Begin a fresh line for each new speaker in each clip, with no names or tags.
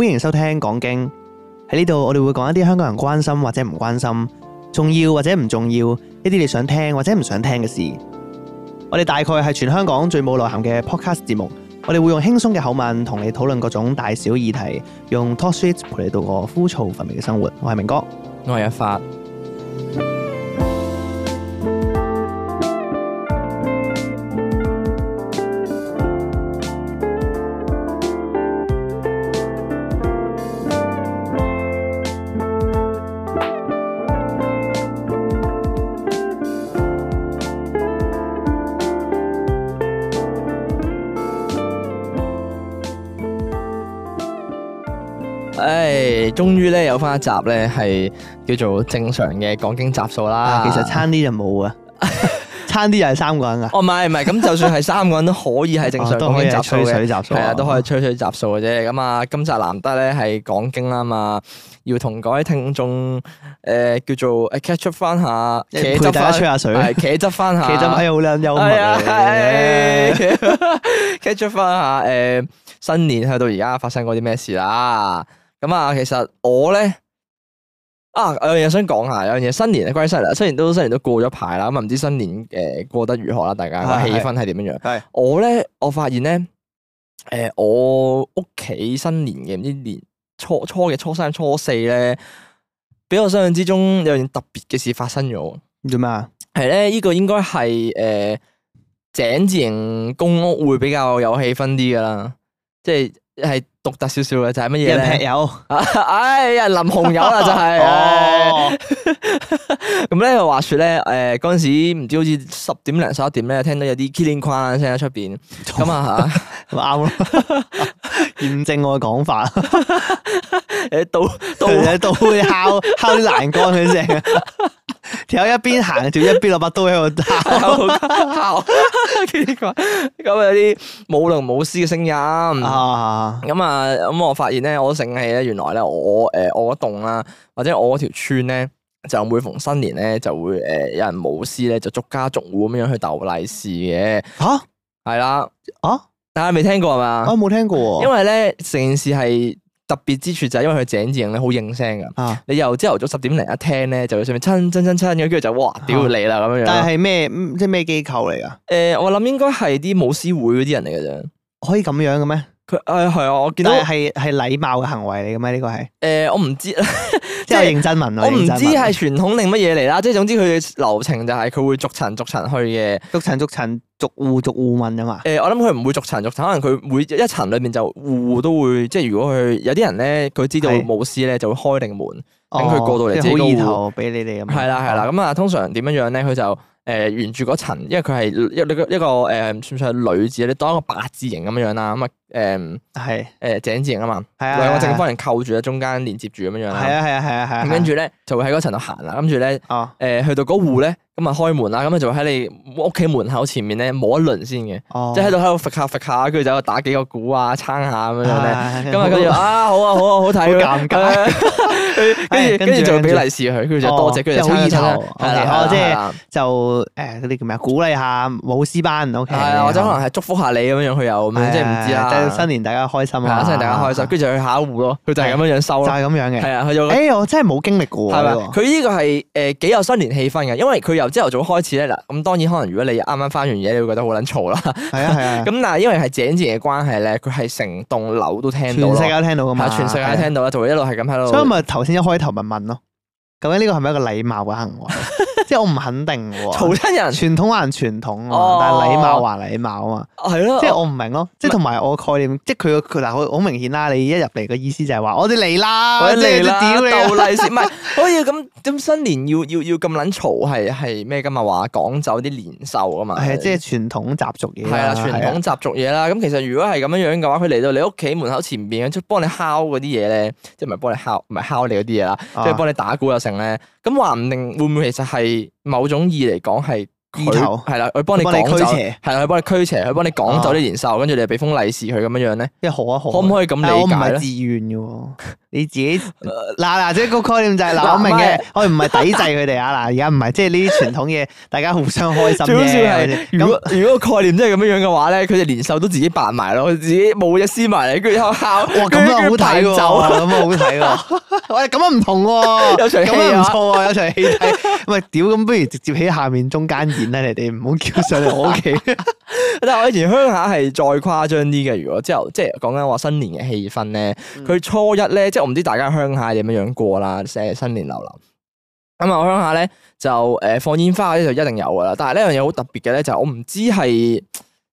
歡迎收聽講經，喺呢度，我哋會講一啲香港人關心或者唔關心，重要或者唔重要一啲你想聽或者唔想聽嘅事。我哋大概係全香港最冇內涵嘅 podcast 節目。我哋會用輕鬆嘅口吻同你討論各種大小議題，用 Talk Shit 陪你度過枯燥乏味嘅生活。我係明哥，我係阿
發。翻一集咧，係叫做正常嘅講經集數啦。其實差啲 就冇啊，差啲又係三個人啊。 哦，唔係唔係，咁就算係三個人都可以係正常講經集數嘅，係啊，都可以吹水集數嘅啫。咁啊、哦，今集難得咧係講經啦嘛，要同各位聽眾誒、呃、叫做 catch up 翻下，陪，陪大家吹下水，茄汁翻下、 哎，茄汁 哎呀好靚幽默啊，係 catch up 翻下誒、啊、新年去到而家發生過啲咩事啦？咁啊，其實我咧啊，我有樣嘢想講下，有樣嘢新年啊，關於新年，新年都新年都過咗排啦，咁啊，唔知新年誒過得如何啦，大家個氣氛係點樣？是是是我咧，我發現咧，誒、呃，我屋企新年嘅唔知年初初嘅初三、初四咧，比我想象之中有樣特別嘅事發生咗。做咩啊？係咧，呢、這個應該係誒井字型公屋會比較有氣氛啲噶啦，即係係。獨特少少嘅就係乜嘢咧？有 人劈友， 哎，有人淋紅油啦，就係。咁咧，話說咧，誒、呃，嗰陣時唔知好似十點零十一點咧，聽到有啲嘰哩呱啦聲喺出邊，咁 啊吓，咪啱咯。驗證
我嘅講法，誒， 敲刀刀刀，敲敲啲欄杆嘅聲，跳一邊行，跳一邊攞把刀喺度
敲，咁有啲舞龍舞獅嘅聲音咁啊，咁我發現咧，我醒起咧，原來咧，我誒我棟啦，或者我條村咧，就每逢新年咧，就會誒有人舞獅咧，就逐家逐戶咁樣去逗利是嘅，吓，係啦，啊。了啊，未聽過係嘛？我冇聽過。因為咧，成件事係特別之處就係因為佢井字型咧，好應聲噶。你由朝頭早十點零一聽咧，就上面親親親親咁，跟住就哇，屌、啊、你啦咁樣。但係咩即係咩機構嚟噶？誒、呃，我諗應該係啲舞獅會嗰啲人嚟噶啫。可以咁樣嘅咩？佢誒係啊，我見到係係禮貌嘅行為嚟嘅咩？呢個係誒，我唔知。 即係認真問，我唔知係傳統定乜嘢嚟啦。即係總之佢嘅流程就係佢會逐層逐層去嘅，逐層逐層
逐戶逐戶問啊嘛。
誒、呃，我諗佢唔會逐層逐層，可能佢每一層裏面就戶戶都會。即係如果佢有啲人咧，佢知道舞獅咧，是就會開定門，等佢、哦、過到嚟。即係好意頭俾你哋咁。係啦係啦，咁啊，通常點樣樣咧？佢就誒、呃，沿住嗰層，因為佢係一呢個一個誒、呃，算唔算係女字你當一個八字形咁樣樣啦，咁啊。誒，係誒，井字形啊嘛，係啊，兩個正方形扣住啦，中間連接住咁樣樣啦，係啊，係啊，
係啊，係，咁跟住
咧就會喺嗰層度行啦，跟住咧，誒，去到嗰戶咧，咁啊開門啦，咁啊就喺你屋企門口前面咧摸一輪先嘅，即係喺度喺度揈下揈下，跟住就打幾個鼓啊，撐下咁樣嘅，咁啊跟住啊，好啊，好啊，好睇，好尷尬，
跟住跟住就俾利是佢，跟住就多謝，跟住就好意頭，哦，即係就誒啲叫咩鼓勵下舞獅班，OK，係或者可能係祝福下你咁樣佢又，即係唔知啊。新年大家開心啊！啊新年大家
開心，跟住、啊、就去下一戶咯。佢是就係咁樣樣收，就係咁樣嘅。係啊，佢就。誒、欸，
我真係冇經歷過、啊。係咪？佢呢
個係誒幾有新年氣氛嘅，因為佢由朝頭早開始咧嗱。咁當然可能如果你啱啱翻完嘢，你會覺得好撚嘈啦。係啊係啊。咁、啊、 但係因為係井字嘅關係咧，佢係成棟樓都聽到，全世界聽到㗎嘛、啊，全世界聽到啦，就會、啊、一路係咁喺度。所以咪
頭先一開頭咪問咯。究竟呢個係咪一個禮貌嘅行為？ 即係我唔肯定喎，嘈親人傳統話傳統啊，哦、但係禮貌話禮貌啊嘛，係咯了，即係我唔明咯，我 即係同埋我概念，不是 即係佢個佢嗱，好明顯啦，你一入嚟個意思就係話我哋嚟啦，或者嚟啦，屌你，唔係可以咁。 咁
新年要要要咁撚嘈係係咩㗎嘛？話趕走啲年獸啊嘛。係即係傳
統習俗嘢。係啦、啊，傳統
習俗嘢啦。咁、啊、其實如果係咁樣樣嘅話，佢嚟到你屋企門口前邊，出幫你敲嗰啲嘢咧，即係唔係幫你敲，唔係敲你嗰啲嘢啦，即係、啊、幫你打鼓又成咧。咁話唔定會唔會其實係某種意義嚟講係。意頭係啦，佢幫你你驅邪，係啦，佢幫你驅邪，佢幫你趕走啲年獸，跟住你又俾封利是佢咁樣樣咧，即係好一好。可唔可以咁理解咧？我唔係自
願嘅喎，你自己嗱嗱，即係個概念就係嗱，我明嘅，我唔係抵制佢哋啊嗱，而家唔係，即係呢啲傳統嘢，大家互相開心嘅。如果如果個概念真係咁樣樣嘅話咧，佢哋年獸都自己扮埋咯，佢自己冇嘢撕埋嚟，跟住後敲哇，咁啊好睇喎，咁啊好睇喎，喂，咁啊唔同喎，有場戲啊，唔錯喎，有場戲，喂，屌，咁不如直接喺下面中間。咧，你哋唔好叫上嚟我屋企。
但係我以前鄉下係再誇張啲嘅。如果之後即係講緊話新年嘅氣氛咧，佢、嗯、初一咧，即係我唔知大家鄉下點樣樣過啦，寫新年流流。咁啊，我鄉下咧就誒、呃、放煙花嗰啲就一定有噶啦。但係呢樣嘢好特別嘅咧，就是、我唔知係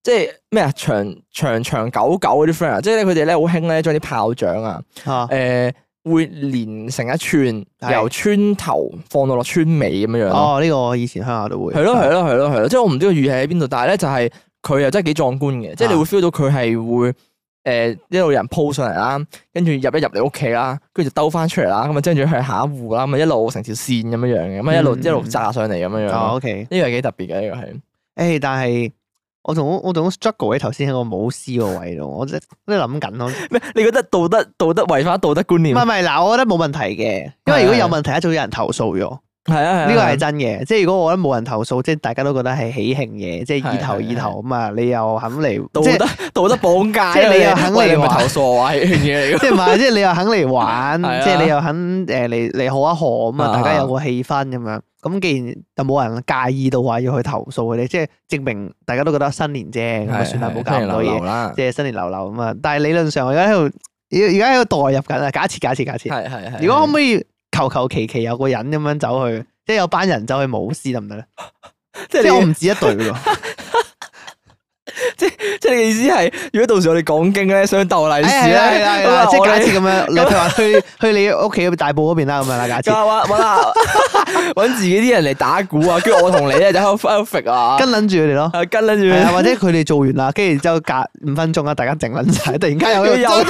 即係咩啊，長長長久久嗰啲 friend 啊，即係佢哋咧好興咧，將啲炮仗啊誒、呃。會連成一串，嗎由村頭放到落村尾咁樣樣哦，呢、這個以前鄉下都會。係咯係咯係咯係咯，即係我唔知個雨係喺邊度，但係咧就係佢又真係幾壯觀嘅，即係、啊、你會 feel 到佢係會誒、呃、一路有人鋪上嚟啦，跟住入一入你屋企啦，跟住就兜翻出嚟啦，咁啊跟住去下一戶啦，咁啊一路成條綫咁樣、嗯、樣嘅，咁啊一路一路炸上嚟咁樣樣 O K，呢個係幾特別嘅，呢個係、欸、誒但係。
我仲我仲 struggle 喺頭先喺個舞獅個位度，我真係諗緊咯。咩？ 你覺得道德道德違法道德觀念？唔係唔係，嗱，我覺得冇問題嘅，因為如果有問題，一早有人投訴咗。係啊，呢個係真嘅。即係如果我覺得冇人投訴，即係大家都覺得係喜慶嘢，即係意頭意頭咁啊。你又肯嚟道德
道德綁架，即係你又肯嚟投訴我話呢樣嘢。即係唔係？即係你又
肯嚟玩？即係你又肯誒嚟嚟好一好咁啊？大家有個氣氛咁樣。咁既然就冇人介意到話要去投訴佢哋，即係證明大家都覺得新年啫，咁啊算啦，冇搞咁多嘢。即係新年流流咁啊！但係理論上我而家喺度而家喺度代入緊啊！假設假設假設，如果可唔可以？求求其其有個人咁樣走去，即係有班人走去舞獅得唔得咧？行行即係是我唔止一隊喎。即係即係你嘅意思係，如果到時我哋講經咧，想斗利是咧，即係假設咁樣，我我例如話去這樣 去，去你屋企大埔嗰邊啦，咁樣啦，假設揾
揾自己啲人嚟打鼓啊，跟住我同你咧就喺度翻屋企啊，跟捻住佢哋咯，跟捻住，或者
佢哋做完啦，跟住之後就隔五分鐘啊，大家靜捻晒，突然間有啲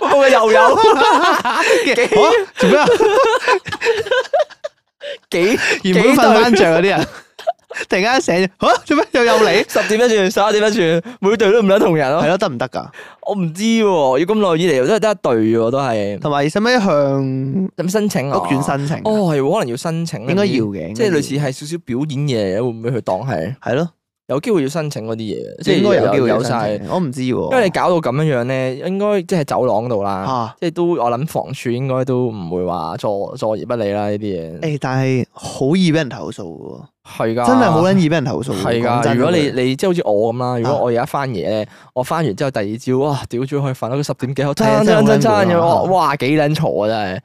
我嘅又有，幾做咩啊？幾原本瞓返着嗰啲人，突然間醒咗做咩
又又嚟？十點一轉，十一點一轉，每隊都唔得同人咯，係咯得唔得噶？
我唔知喎，
要咁耐以嚟都係得一隊喎，都係。同埋使唔使向咁申請啊？屋苑申請？哦，係，可能要申請，應該要嘅，即係類似係少少表演嘢，會唔會去當係係咯？有機會要申請嗰啲嘢，應該有機會有晒。
我唔知喎、啊，因為你
搞到咁樣樣咧，應該即係走廊度啦，啊、即係都我諗房署應該都唔會話坐坐而不理啦呢
啲嘢。誒、欸，但係好易俾人投訴嘅喎，係噶，真係好撚易俾人投訴。噶是的，如果你
你即係好似我咁啦，如果我而家翻夜，啊、我翻完之後第二朝，哇，屌咗去瞓，都十點幾、啊，真真真真真真真真真真真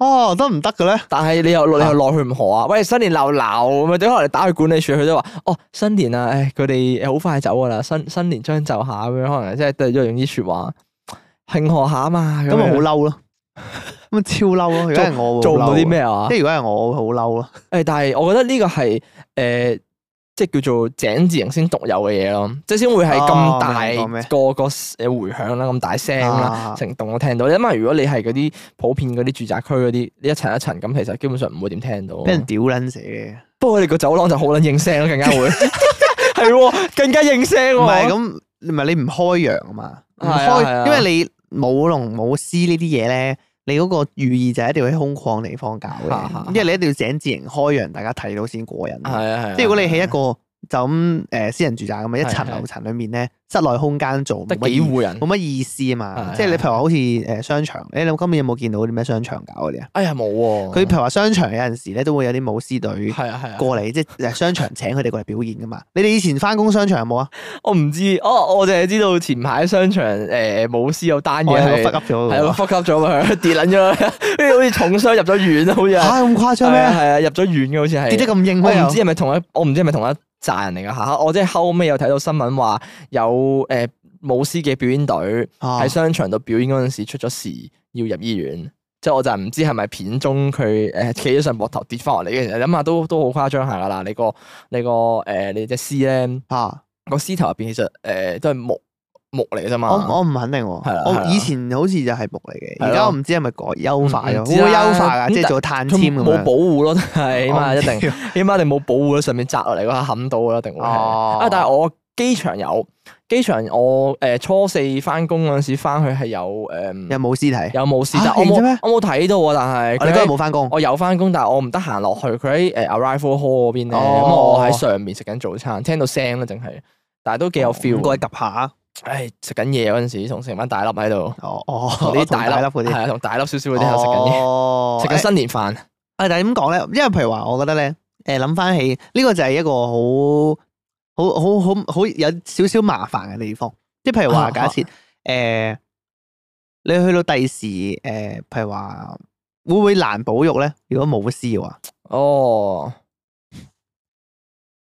哦，得唔得嘅咧？但
係你又你又奈佢唔何啊！喂，新年流流咁啊，點可能打去管理處，佢都話哦，新年啊，唉，佢哋好快走㗎啦，新新年將就下咁樣，可能即係對住用啲說話慶賀下啊嘛，咁咪好嬲
咯，咁咪 超嬲咯。如果係我會做唔到啲咩啊？即係如果
係我會，好嬲咯。誒，但係我覺得呢個係誒。呃即係叫做井字形先獨有嘅嘢咯，即係先會係咁大個個誒迴響啦，咁、哦、大聲啦，成棟、啊、我聽到。因為如果你係嗰啲普遍嗰啲住宅區嗰啲你一層一層咁，其實基本上唔會點聽到。俾人屌
撚死！嘅。
不過佢哋個走廊就好撚應聲咯，更加會
係喎、 哦，更加
應聲喎、哦。唔係
咁，唔係你唔開揚啊嘛，唔開，因為你舞龍舞獅呢啲嘢咧。你嗰個寓意就係一定要喺空曠地方搞。 因為你一定要井字形開揚，大家睇到先過癮。 即係如果你喺一個。就咁，誒私人住宅咁啊，一層樓層裏面咧，室內空間做得幾戶人，冇乜意思啊嘛！即係你譬如話好似誒商場，誒你今年有冇見到啲咩商場搞嗰啲啊？
哎呀冇喎！佢
譬如話商場有陣時咧都會有啲舞獅隊係啊係過嚟，即係商場請佢哋過嚟表演噶嘛。你哋以前翻工商場有冇啊？我唔知，哦我淨係知道前排商場誒舞獅有
單嘢係 fuck up 咗，係啊 fuck up 咗，佢跌撚咗，好似重傷入咗院，好似嚇咁誇張咩？係啊入咗院嘅，好似係跌得咁硬，我唔知係咪同一我唔知係咪同一。賺人嚟噶吓，我即係後尾又睇到新聞話有誒舞獅嘅表演隊喺、啊、商場度表演嗰陣時出咗事，要入醫院。即係我就唔知係咪片中佢誒企咗上膊頭跌翻落嚟嘅，諗下都都好誇張下噶啦。你個你個誒、呃、你隻獅咧
吓個獅頭入邊其實誒、呃、都係木。木嚟啫嘛，我唔肯定我，我以前好似就係木嚟嘅，而家我唔知係咪改優化咗，會唔會優化啊？即係做碳纖
冇保護咯，係起碼一定，起碼你冇保護咧，上面摘落嚟嗰下冚到一定會啊，但係我機場有機場，我誒初四翻工嗰陣時翻去係有誒，有冇屍體？有冇屍？我冇，我冇睇到，但係你都係冇翻工，我有翻工，但係我唔得閒落去。佢喺誒 arrival hall 嗰邊咧，咁我喺上面食緊早餐，聽到聲啦，淨係，但係都幾有 feel，過嚟夾下。唉，食緊嘢嗰陣時，同成班大粒喺度、
哦，哦哦，啲大粒嗰啲，係同大
粒少少嗰啲，食緊嘢，食緊新年
飯。誒、哎，但係點講咧，因為譬如話，我覺得咧，誒，諗翻起呢個就係一個好，好好好好有少少麻煩嘅地方。即係譬如話，假設誒、哦呃，你去到第時，誒、呃，譬如話，會唔會難保育咧？如果冇師嘅話，哦，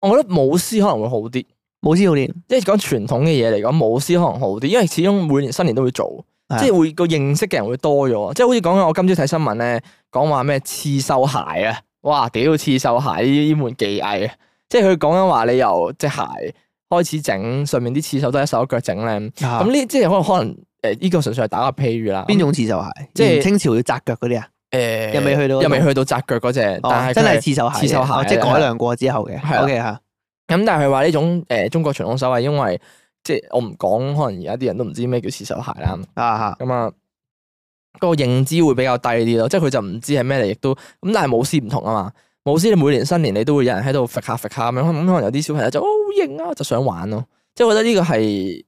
我覺得冇師可能會好啲。
舞獅好啲，即係講傳統嘅嘢嚟講，舞獅可能好啲，因為始終每年新年都會做，即係會個認識嘅人會多咗，即係好似講緊我今朝睇新聞咧，講話咩刺繡鞋啊，哇屌刺繡鞋呢門技藝啊，即係佢講緊話你由隻鞋開始整，上面啲刺繡都一手一腳整咧，咁呢即係可能可能誒呢個純粹係打個譬喻啦。邊種刺繡鞋？即係清朝要紮腳嗰啲啊？
誒，又未去到，又未去到紮腳嗰隻，但係真係刺繡鞋，刺繡鞋即係改良過之後嘅。O K 吓。
咁但係佢話呢種誒、呃、中國傳統手藝，因為即係我唔講，可能而家啲人都唔知咩叫刺繡鞋啦、啊。啊哈，咁啊、嗯、個認知會比較低啲咯，即係佢就唔、是、知係咩嚟，亦都咁。但係舞獅唔同啊嘛，舞獅你每年新年你都會有人喺度揈下揈下咁，可能有啲小朋友就好型、哦、啊，就想玩咯。即係我覺得呢個係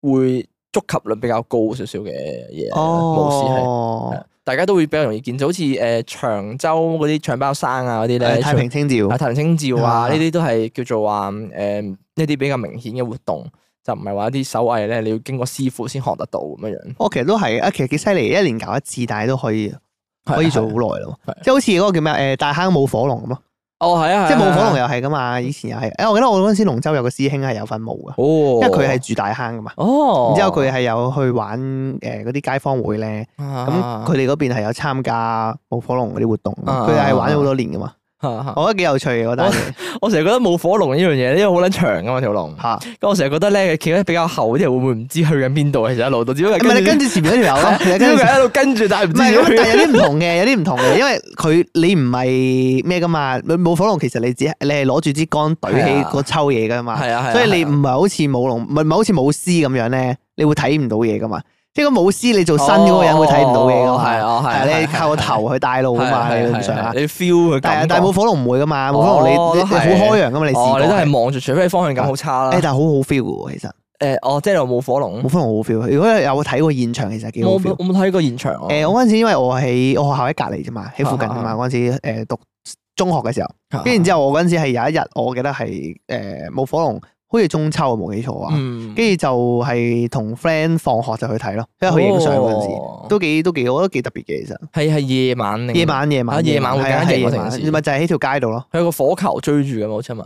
會觸及率比較高少少嘅嘢。哦。大家都會比較容易見到好似誒長洲嗰啲搶包山啊嗰啲咧，太平清醮啊、了太平清醮啊呢啲都係叫做話誒呢啲比較明顯嘅活動，就唔係話一啲手藝咧，你要經過師傅先學得到咁樣樣。我其
實都係啊，其實幾犀利，一年搞一次，但係都可以、嗯、可以做好耐咯，即係好似嗰個叫咩誒、呃、大坑舞火龍咁咯。
哦，係啊，啊啊即係舞火龍又係
噶嘛，以前又係。誒、哎，我記得我嗰陣時龍舟有個師兄係有份舞噶，哦、因為佢係住大坑噶嘛。哦、然之後佢係有去玩誒嗰啲街坊會咧，咁佢哋嗰邊係有參加舞火龍嗰啲活動，佢係、啊、玩咗好多年噶嘛。啊啊啊啊我覺得幾有趣嘅，覺得我成日 覺得冇火龍呢樣嘢，因為好撚長噶
嘛條龍，吓， 我成日覺得咧，企得比較厚啲人會唔會唔知去緊邊度？其實一路都，只不過唔係你跟住前面嗰條友咯，佢喺度跟住，但係唔係咁，但係有啲唔同
嘅，有啲唔同嘅，因為佢你唔係咩噶嘛，冇火龍其實你只你係攞住支杆懟起個抽嘢噶嘛，啊啊啊、所以你唔係好似冇龍，唔係、啊啊啊、好似冇師咁樣咧，你會睇唔到嘢噶嘛。一個舞獅你做身嗰個人會睇唔到嘢嘅，係啊，係你靠個頭去帶路噶嘛，咁上下你 feel 佢，但係舞火龍唔會噶嘛，舞火龍你你好開揚噶嘛，你哦你都係望住，除非你方向感好差啦。誒，但係好好 feel 其實。
誒，哦，即係你話舞火龍。舞
火龍好 feel，如果有睇過現場，其實幾好 feel。我
冇睇過現場。誒，
我嗰陣時因為我喺我學校喺隔離啫嘛，喺附近噶嘛，嗰陣時誒讀中學嘅時候，跟住然之後我嗰陣時係有一日，我記得係誒舞火龍。好似中秋啊，冇記錯啊，跟住就係同 friend 放學就去睇咯，跟住去影相嗰陣時，
都幾都幾，我覺得幾特別嘅其實。係啊，夜晚。夜晚夜晚夜晚會緊夜嗰陣咪就
係喺條街度咯。有個火球追住嘅嘛，好似嘛，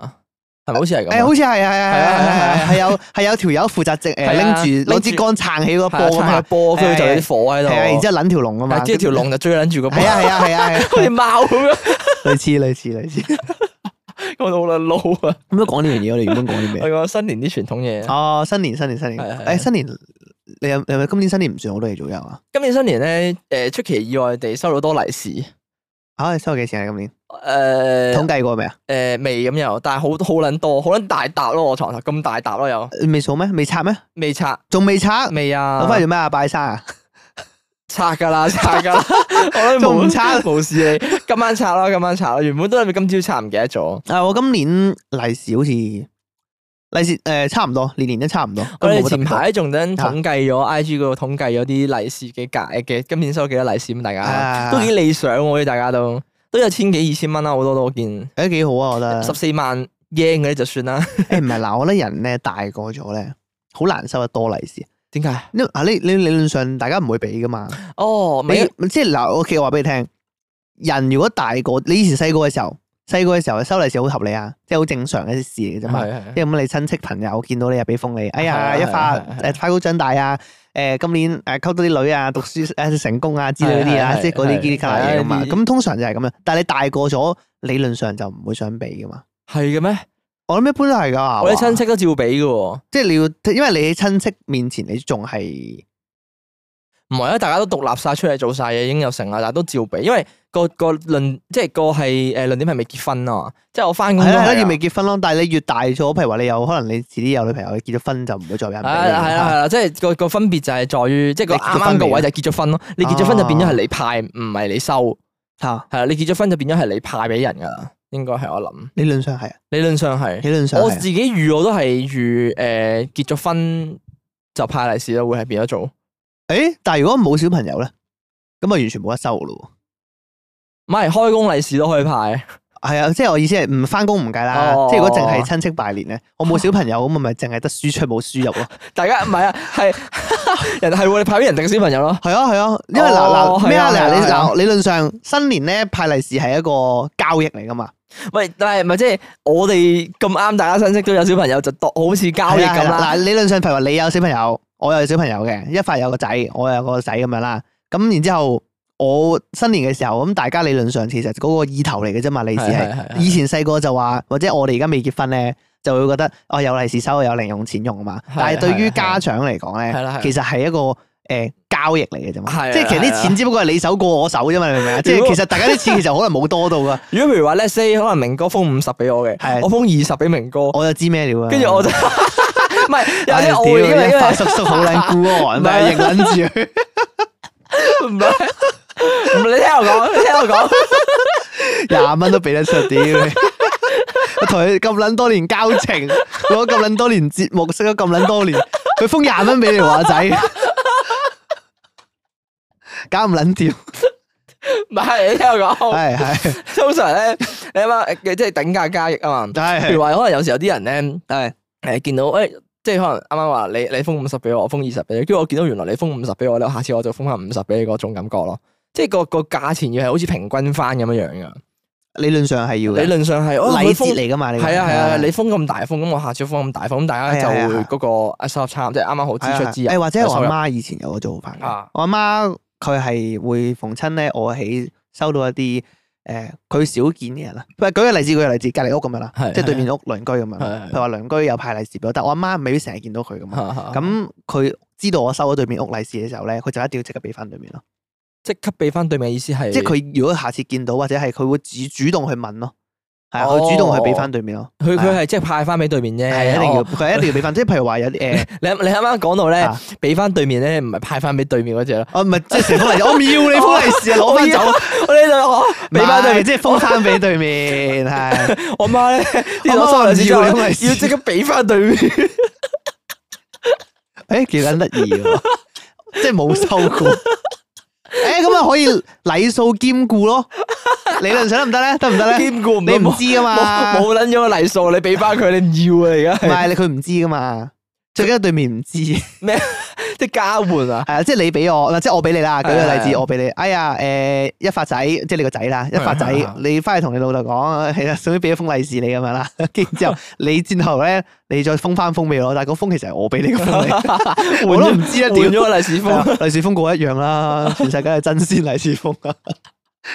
係咪好似係？誒，好似係係啊，係啊，係有係有條友負責即拎住攞支竿撐起個波啊波跟住就有啲火喺度。係啊，然之後撚
條龍啊嘛，即係條龍就追撚住個波
啊，係啊係啊，好似貓咁樣。類似類似類似。講 到好捻撈啊！咁都講呢樣嘢， 我哋原本講啲咩？我講新年啲傳統嘢。啊、哦，新年，新年，新年。誒、哎，新年，你有你係咪今年新年唔算好多嘢做有啊？
今年新年咧，誒、呃，出奇意外地收到多利是。吓、啊，你收咗幾錢啊？今年？誒、呃，統計過未啊？誒、呃，未咁又，但係好多好捻多，好捻大沓咯！我床
頭咁大沓咯又。未數咩？未拆咩？未拆，仲未拆？未沒啊！攞翻嚟做咩啊？拜山啊！ 拆噶啦 拆，拆噶啦，我哋
冇差冇事。你今晚拆啦，今晚拆啦。 原本都係咪今朝拆唔記得咗？啊，我今年利是好似利是誒，差唔多年年都差唔多。我哋前排仲等統計咗 I G 嗰個統計咗啲利是嘅價嘅，今年收幾多利是啊？大家都幾理想，我啲大家都都有千幾二千蚊啦，好多都我見、欸，誒幾好啊！我，得、欸、我覺得十四萬 yen 嗰啲就算啦。誒，唔
係老啦，我覺得人咧大個咗咧，好難收得多利是。點解？啊，你你理論上大家唔會俾噶嘛。哦，即係嗱，我其實話俾你聽，人如果大個，你以前細個嘅時候，細個嘅時候收利是好合理啊，即係好正常嘅事嘅啫嘛。即係咁，你親戚朋友見到你又俾封你，哎呀，一發誒，快高長大啊，誒，今年誒，溝到啲女啊，讀書成功啊，之類啲啊，即係嗰啲呢啲咁嘛。咁通常就係咁樣，但係你大個咗，理論上就唔會想俾噶嘛。係嘅咩？我諗一般都係噶，我啲親戚都照俾噶，即係你要，因為你喺親戚面前你，你仲係
唔係啊？大家都獨立晒出嚟做晒嘢，已經有成啦，但係都照俾，因為個論、就是、個論即係個係誒論點係未結婚啊嘛，
即係我翻工係啦，要未結婚咯，啊。但係你越大咗，譬如話你有可能你自己有女朋友，就是就是剛剛啊，你結咗婚就唔會再俾人。係啦係啦
係啦，即係個個分別就係在於，即係啱啱個位就結咗婚咯。你結咗婚就變咗係你派，唔係你收吓。係啦，你結咗婚就變咗係你派俾人噶。應該係我諗，
理論上係啊，
理論上係，理
論上我自己預我都係
預誒，結咗婚就派利是咯，會係變咗做。誒，
但係如果冇小朋友咧，咁啊完全冇得收噶咯。唔係開工利是都可以派。係啊，即係我意思係唔翻工唔計啦。即係如果淨係親戚拜年咧，我冇小朋友咁，咪淨係得輸出冇輸入咯。大家唔係啊，係人係你派俾人哋嘅小朋友咯。係啊係啊，因為嗱嗱咩啊嗱嗱，理論上新年咧，派利是係一個交易嚟噶嘛。喂，但係唔係即係我哋咁啱，大家相識都有小朋友，就當好似交易咁啦。嗱，理論上譬如話你有小朋友，我又有小朋友嘅，一發有一個仔，我有個仔咁樣啦。咁然後之後我新年嘅時候，咁大家理論上其實嗰個意頭嚟嘅啫嘛，利是係。是是是以前細個就話，或者我哋而家未結婚咧，就會覺得哦有利是收，有零用錢用啊嘛。但係對於家長嚟講咧，其實係一個。誒，交易嚟嘅啫嘛，即係其實啲錢只不過係你手過我手啫嘛，你明唔明啊？即係其實大家啲錢其實可能冇多到
噶。如果譬如話，let's say 可能明哥封五十俾我嘅，我封二十俾明哥，我就知咩料啊。跟住
我就唔係有啲我叔叔好卵孤寒，唔係認撚住，唔係
唔係你聽我講，聽我講，廿蚊都俾得出啲。我同佢咁卵多年交情，攞咁卵多年節目，識咗咁卵多年，佢封廿蚊俾你話仔。搞唔捻掂，
唔係你聽我講，係係通常咧，你阿媽即係頂價交易啊嘛，譬如話可能有時有啲人咧，誒誒見到，誒即係可能啱啱話你你封五十俾我，我封二十俾你，跟住我見到原來你封五十俾我咧，下次我就封翻五十俾你嗰種感覺咯，即係個個價錢要係好似平均翻咁樣樣噶，
理論上係要，理論上係禮節嚟噶嘛，你係啊係啊，你
封咁大封，咁我下次封咁大
封，咁大家就會嗰
個阿 Sir 差，即係啱啱好支出之日，或者我阿媽
以前有個做法，我阿媽。佢係會逢親咧，我起收到一啲誒佢少見嘅人啦。唔係舉個例子，舉個例子，隔籬屋咁樣啦，是的 即係對面屋鄰居咁樣。佢話鄰居有派利是俾我，但我阿媽未必成日見到佢噶嘛。咁佢知道我收咗對面屋利是嘅時候咧，佢就一定要即刻俾翻對面咯。即刻俾翻對面嘅意思係，即係佢如果下次見到或者係佢會主主動去問咯。係啊，佢主動去俾翻對面咯。佢佢
係即係派翻俾對面啫。一定要，佢係一定要俾翻。即係譬如話有啲誒，你你啱啱講到咧，俾翻對面咧，唔係派翻俾對面嗰
隻咯。啊，唔係即係成封利是，我要你封利是啊，攞翻走。我呢度我俾翻對面，即係封翻俾對面。係我媽咧，我媽要要即刻俾翻對面。誒，幾得意啊，即係冇收過。誒，咁啊可以禮數兼顧咯。理論上得唔得咧？得唔得咧？兼顧，你唔知噶嘛？冇捻咗個禮數，你俾翻佢，你唔要啊？而家唔係你佢唔知噶嘛？最緊係對面唔知咩、啊， 即係交換啊？係啊，即係你俾我，即係我俾你啦。舉個例子，是是是我俾你，哎呀，誒、呃，一發仔，即係你個仔啦，一發仔，你翻去同你老豆講，係啊，總之俾一封利是你咁樣啦。跟住之後，你轉頭咧，你再封翻封俾我，但係個封其實係我俾你個封， 換都唔知啊，換咗個利是封，利是封嗰一樣啦，全世界係真先利是封啊。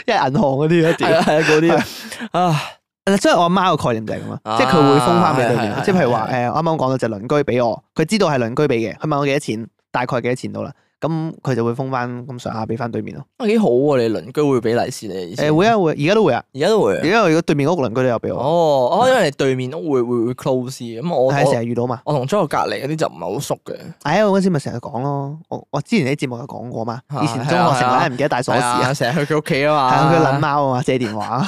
因為銀行嗰啲咯，係係啊嗰啲啊，啊，即係我阿媽個概念就係咁啊，即係佢會封翻俾對面，即係譬如話，誒，啱啱講到隻鄰居俾我，佢知道係鄰居俾嘅，佢問我幾多錢，大概幾多錢到啦。咁佢就會封翻，咁上下俾翻對面咯。
啊幾好喎、啊！你鄰居會俾利是你？誒會
啊會，而家都會啊，而家都會。而家如果對面嗰屋鄰居都有俾我。
哦、啊，哦，因為對面屋，屋會會會 close 嘅，咁、嗯、我係成日遇
到嘛。我同中學隔離嗰啲就唔係好熟嘅。係啊、哎，我嗰陣時咪成日講咯，我我之前啲節目有講過嘛。啊、以前中學成日唔、啊啊啊、記得帶鎖匙啊，成日、啊、去佢屋企啊嘛。係佢撚貓啊嘛，借電話。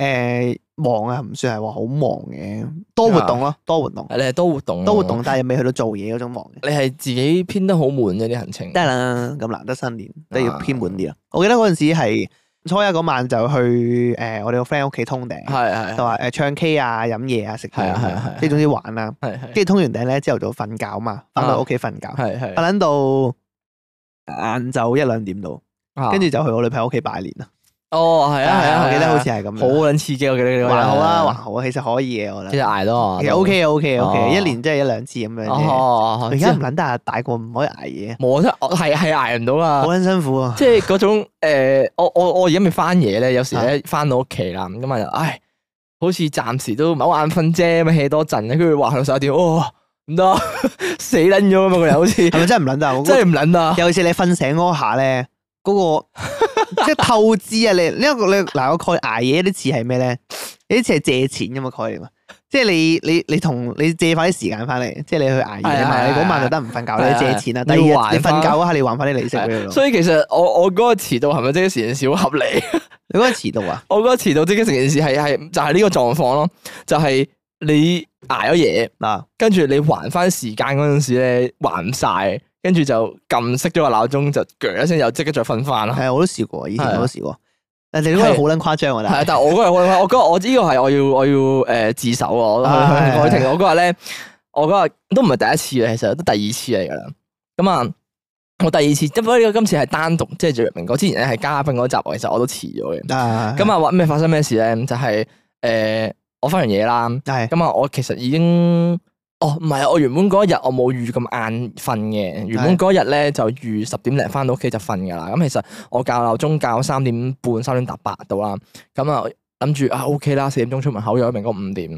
誒，忙啊，唔算係話好忙嘅，多活動咯，多活動，你係多活動，多活動，但係又未去到做嘢嗰種忙嘅。你係自己編得好滿嘅啲行程，得啦，咁難得新年都要編滿啲啦。我記得嗰陣時係初一嗰晚就去誒我哋個 friend 屋企通頂，係係，就話誒，唱 K 啊，飲嘢啊，食嘢啊係啊，即係總之玩啦，跟住通完頂咧，朝頭早瞓覺啊嘛，翻到屋企瞓覺，係係，我諗到晏晝一兩點到，跟住就去我女朋友屋企拜年啦。哦，係啊，係啊，我記得好似係咁好卵刺激，我記得。還好啊，還好啊，其實可以嘅，我覺得。即係挨咯，其實 OK OK OK，一年即係一兩次咁樣啫。而家唔捻得啊，大個唔可以挨夜。我真係係係挨唔到啊。好捻辛苦啊！即係嗰種
誒，我我我而家未翻嘢咧，有時咧翻到屋企啦，咁啊就，唉，好似暫時都唔係好眼瞓啫，咪起多陣跟住滑落手電，哦唔得，死
捻咗啊嘛，佢哋好似。係咪真係唔捻得啊？真係唔捻得。尤其是你瞓醒嗰下咧。嗰、那個即係透支啊！你,你,你,你呢一個你嗱我佢挨夜，啲詞係咩咧？啲詞係借錢噶嘛，概念嘛，即係你你你同你借翻啲時間翻嚟，即係你去挨夜嘛，你嗰晚就得唔瞓覺，你借錢啦、啊，對對對第二日你瞓覺嗰下你還翻啲利息俾佢。所以其實我我嗰個遲
到係咪即係成件事好合理？ 你嗰個遲到啊？我嗰個遲到即係成件事係係就係呢個狀況咯，就係、是就是、你挨咗夜嗱，跟住你還翻時間嗰陣時咧還唔晒。跟住就撳熄咗個鬧鐘，就鋸一聲又即刻再瞓翻咯。係啊，我
都試過，以前我都試過。但你都覺得好
捻誇張噶，但係但係我嗰個我我我我依個係我要我要誒自首啊！我我停，我嗰日咧，我嗰日都唔係第一次嚟，其實都第二次嚟噶啦。咁啊，我第二次，因為呢個今次係單獨，即係明哥。之前咧係嘉賓嗰集，其實我都遲咗嘅。咁啊，話咩發生咩事咧？就係誒，我翻完嘢啦。咁啊，我其實已經。哦，唔係啊！我原本嗰日我冇預咁晏瞓嘅，原本嗰日咧就預十點零翻到屋企就瞓噶啦。咁其實我教鬧鐘教三點半、三點搭八到啦。咁、嗯、啊，諗住啊 OK 啦，四點鐘出門口，約明哥五點。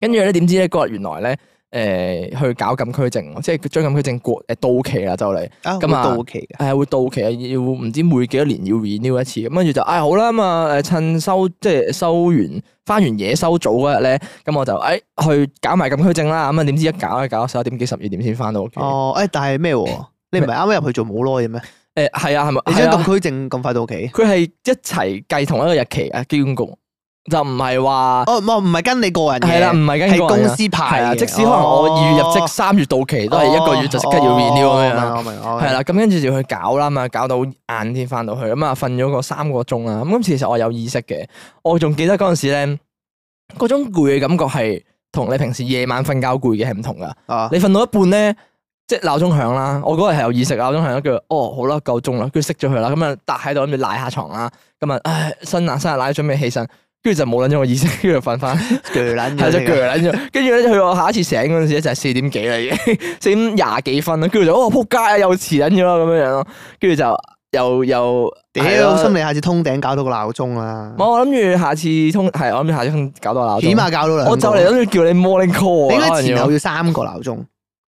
跟住咧，點知咧嗰日原來咧。誒，去搞禁區證，即係將禁區證過誒到期啦，就嚟咁啊，到期嘅係會到期啊，要唔知每幾多年要 renew 一次，咁跟住就，哎好啦，咁啊，誒趁收即係收完翻完嘢，收早嗰日咧，咁我就誒去搞埋禁區證啦，咁啊點知一搞啊搞到十一點幾十二點先翻到屋企。哦，哎但係咩？你唔係啱啱入去做冇耐咯嘅咩？誒係啊，係咪？你將禁區證咁快到期？佢係、啊、一齊計同一個日期啊，機管局。就唔係話哦，唔係跟你個人嘅係啦，唔係跟公司排啊。即使可能我二月入職，三月到期，都係一個月就即刻要 renew 咁樣。係啦，咁跟住就去搞啦嘛，搞到晏啲翻到去啊嘛，瞓咗個三個鐘啊。咁其實我有意識嘅，我仲記得嗰陣時咧，嗰種攰嘅感覺係同你平時夜晚瞓覺攰嘅係唔同噶。你瞓到一半咧，即係鬧鐘響啦。我嗰日係有意識鬧鐘響，叫哦，好啦，夠鐘啦，跟住熄咗佢啦。咁啊，搭喺度諗住賴下床啦。咁啊，唉，新郎新娘，準備起身。跟住就冇卵咗我意識，跟住就瞓翻，鋸卵咗，係跟住咧，去到 下一次醒嗰陣時咧，就係四點幾啦，已經四點廿幾分啦。跟住就，哦，仆街啊，又遲卵咗啦，咁樣樣咯。跟住就又又，屌了，心理了下次通頂 搞到個鬧鐘啦。冇，我諗住下次通係，我諗住下次通搞到
多鬧鐘，起碼搞到兩個我就嚟諗住
叫你 morning call 啊。應該前後要
三個鬧鐘，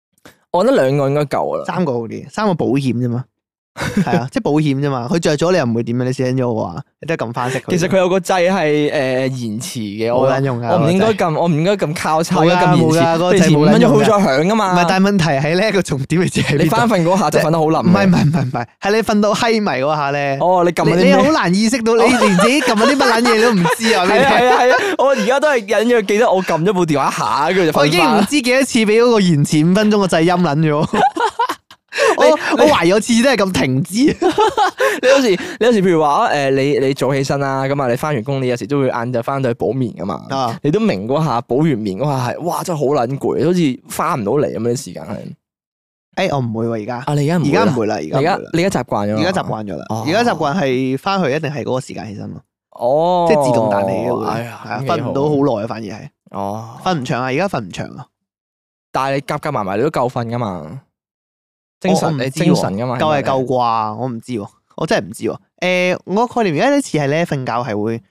我得兩個應該夠啦。三個好啲，三個保險啫嘛。係啊，即係保險啫嘛，佢着咗你又唔會點樣，你醒咗啊，你都係
撳翻熄佢。其實佢有個掣係誒延遲嘅，我好卵用噶，我唔應該撳，我唔應該撳靠叉，我應該撳延遲嗰掣，冇
用嘅。好再響噶嘛？唔係，但係問題係咧，個重點嘅字喺邊？你翻瞓嗰下就瞓得好冧。唔係唔係唔係唔係，係你瞓到嗨迷嗰下咧。哦，你撳，你好難意識到，你連自己撳緊啲乜卵嘢都唔知啊！係啊係啊，我而家都係隱約
記得我撳咗部電話下，跟住就。我已經唔知
幾多次俾嗰個延遲五分鐘個掣音卵咗。我我懷疑有次都係咁停止。你有時
你有時譬如話誒，你你早起身啦，咁啊，你翻完工你有時都會晏晝翻到去補眠噶嘛。你都明嗰下補完眠嗰下係，哇，真係好撚攰，好似翻唔到嚟咁樣時間係。
誒，我唔會喎，而家。你而家唔而家唔會啦，而家而家你而家習慣咗，而家習慣咗啦。而家習慣係翻去一定係嗰個時間起身咯。哦，即係自動彈起嘅，係啊，瞓唔到好耐啊，反而係。哦，瞓唔長啊，而家瞓唔長啊。但係你夾夾埋埋你都夠瞓噶嘛。精神你、啊、精神㗎嘛？夠係夠啩？我唔知、啊，我真係唔知、啊。誒、呃，我概念而家啲詞係咧，瞓覺係會，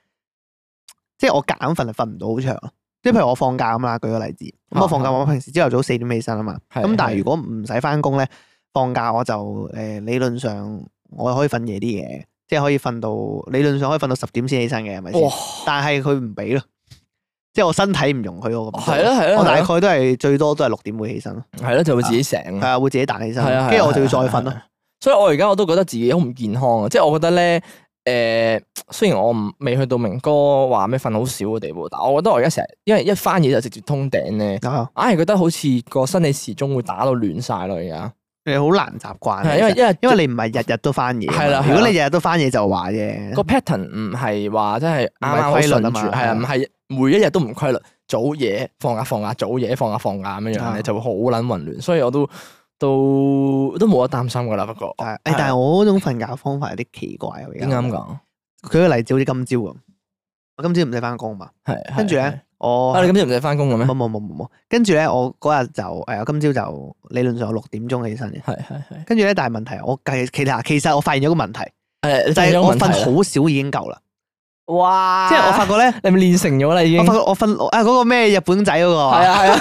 即係我夾硬瞓係瞓唔到好長。即係譬如我放假咁啦，舉個例子，咁啊、哦、放假我、哦、平時朝頭早四點起身啊嘛，咁、哦、但係如果唔使翻工咧，放假我就誒、呃、理論上我可以瞓夜啲嘢，即係可以瞓到理論上可以瞓到十點先起身嘅，係咪、哦哦？先？但係佢唔俾咯。即係我身體唔容許我咁，係啦係啦，我大概都係最多都係六點會起身咯。係啦，就會自己醒，係啊，會自己彈起身，係啊，跟住我就要再瞓咯。
所以我而家我都覺得自己好唔健康啊！即係我覺得咧，誒，雖然我唔未去到明哥話咩瞓好少嘅地步，但我覺得我而家成日因為一翻嘢，就直接通頂咧，硬係覺得好似個身體時鐘會打到亂
晒咯。而家係好難習慣，因為因為因為你唔係日日都翻嘢，係啦。如果你日日都翻嘢就話啫，個 pattern 唔係話即係係啊，唔係。
每一日都唔規律，早嘢，放假放假，早嘢，放假放假咁樣樣咧，就會好捻混亂。所以我都
都都冇得擔心噶啦，不過，但係我嗰種瞓覺方法有啲奇怪啊，點解咁講？舉個例子好似今朝咁，我今朝唔使翻工嘛，係跟住咧，我啊，你今朝唔使翻工嘅咩？冇冇冇冇冇。跟住咧，我嗰日就誒，今朝就理論上我六點鐘起身嘅，係係係。跟住咧，但係問題，我計其實其實我發現咗個問題，誒，就係我瞓好少已經夠啦。哇！即係我發覺咧，你咪練成咗啦，已經。我瞓，我瞓，誒，嗰個咩日本仔嗰個，係啊，係啊，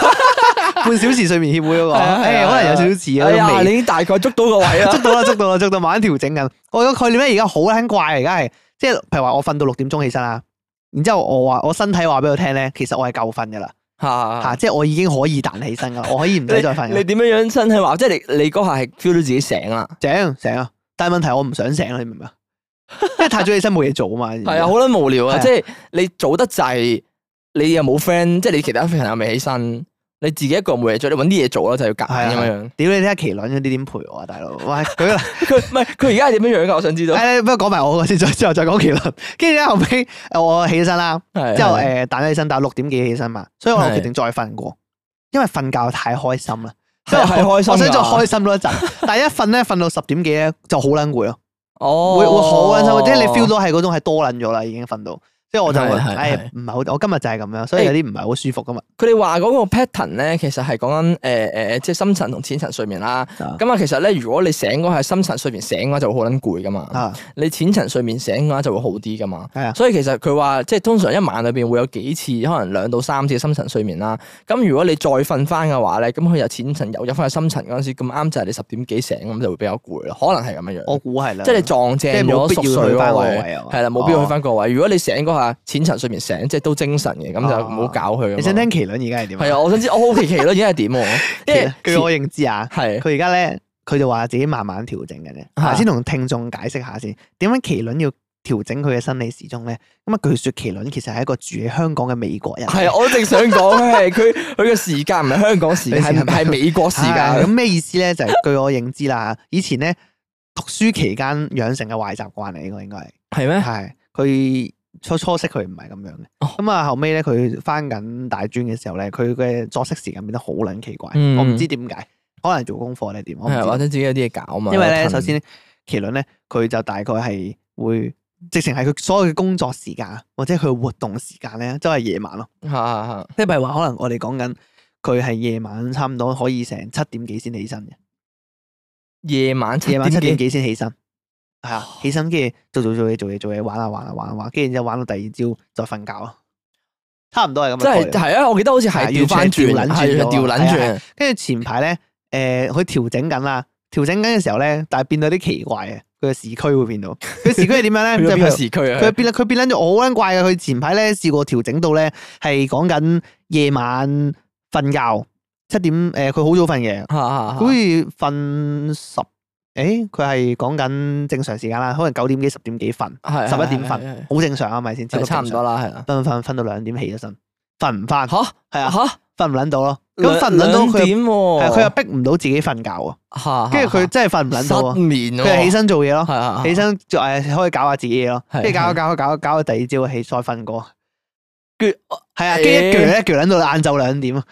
半小時睡眠協會嗰個。誒，可能有少少字啊。係你已經大概捉到個位啦。捉到啦，捉到啦，捉到，慢慢調整緊。我個概念咧，而家好撚怪，而家係，即係譬如話，我瞓到六點鐘起身啦，然之後我話，我身體話俾我聽咧，其實我係夠瞓噶啦，吓，即係我已經可以彈起身噶，我可以唔使再瞓。你點樣樣身體話？即係你你嗰下係 feel 到自己醒啦，醒醒啊！但係問題我唔想醒啊，你明唔明啊？
即係太早起身冇嘢做啊嘛，係啊好撚無聊啊！即係你早得滯，你又冇 friend，即係你其他朋友未起身，你自己一個人冇嘢做，你搵啲嘢做咯，就要隔係咁樣。
屌你睇麒麟嗰啲點陪我啊，大佬！喂佢唔係佢而家係點樣樣噶？我想知道。不過講埋我先，之後再講麒麟。跟住咧後尾我起身啦，之後誒彈起身，彈六點幾起身嘛，所以我決定再瞓過，因為瞓覺太開心啦，即係開心，我想再開心多一陣。但係一瞓咧，瞓到十點幾咧，就好撚攰咯。哦、會會好難受，即係你 feel 到係嗰種係多撚咗啦，已經瞓到。即係我就誒唔係好，我今日就係咁樣，所以有啲唔係好舒服噶嘛。
佢哋話嗰個 pattern 咧，其實係講緊誒誒，即係深層同淺層睡眠啦。咁是啊，其實咧，如果你醒嗰係深層睡眠醒嘅話，就會好撚攰噶嘛。是啊、你淺層睡眠醒嘅話就會好啲噶嘛。是啊、所以其實佢話即係通常一晚裏邊會有幾次，可能兩到三次深層睡眠啦。咁如果你再瞓翻嘅話咧，咁佢又淺層又入翻去深層嗰陣時，咁啱就係你十點幾醒咁，就會比較攰咯。可能係咁樣樣，我估係啦。即係你撞正冇咗熟睡嗰位，係啦，冇必要去翻個位。個位哦、如果你醒下。淺層睡眠醒，即係都精神嘅，咁就唔
好搞佢。你想聽麒麟而家係點？係啊，我想知我好奇麒麟咯，而家係點？因為據我認知啊，係佢而家咧，佢就話自己慢慢調整嘅啫。先同聽眾解釋下先，點樣麒麟要調整佢嘅生理時鐘咧？咁啊，據說麒麟其實係一個住喺香港嘅美國人。係，我正想講嘅係佢，佢嘅時間唔係香港時間，係係美國時間。咁咩意思咧？就係據我認知啦，以前咧讀書期間養成嘅壞習慣嚟，呢個應該係係咩？係佢。初初識佢唔係咁樣嘅，咁啊、哦、後尾咧佢返緊大專嘅時候咧，佢嘅作息時間變得好撚奇怪，嗯、我唔知點解，可能做功課定點，嗯、我或想自己有啲嘢搞嘛。因為咧，停首先麒麟咧，佢就大概係會直情係佢所有嘅工作時間或者佢活動時間咧，都、就、係、是、夜晚咯。即係譬如話可能我哋講緊佢係夜晚差唔多可以成七點幾先起身嘅，夜晚七點幾先起身。係啊，起身，跟住做做做嘢，做嘢做嘢，玩下、啊、玩下、啊、玩啊玩，跟住然之後玩到第二朝再瞓覺，差唔多係咁。即係係啊，我記得好似係調翻調捻轉，調捻轉。跟住前排咧，誒，佢調整緊啦、啊啊，調整緊嘅、啊啊呃、時候咧，但係變到有啲奇怪啊，佢嘅時區會變到。佢時區係點樣咧？即係 時區啊！佢變啊！佢變咗，好捻怪啊！佢前排咧試過調整到咧，係講緊夜晚瞓覺，七點誒，佢、呃、 好早瞓嘅，好似瞓十。誒，佢係講緊正常時間啦，可能九點幾、十點幾瞓，十一點瞓，好正常啊，咪先？差唔多啦，係啦。瞓瞓瞓到兩點起咗身，瞓唔翻吓，係啊吓，瞓唔捻到咯。咁瞓捻到佢點，佢又逼唔到自己瞓覺啊，跟住佢真係瞓唔捻到啊，失眠。佢係起身做嘢咯，起身就誒可以搞下自己嘢咯，跟住搞下搞下搞下，第二朝起再瞓過。跟係啊，跟住一撬一撬捻到晏晝兩點啊。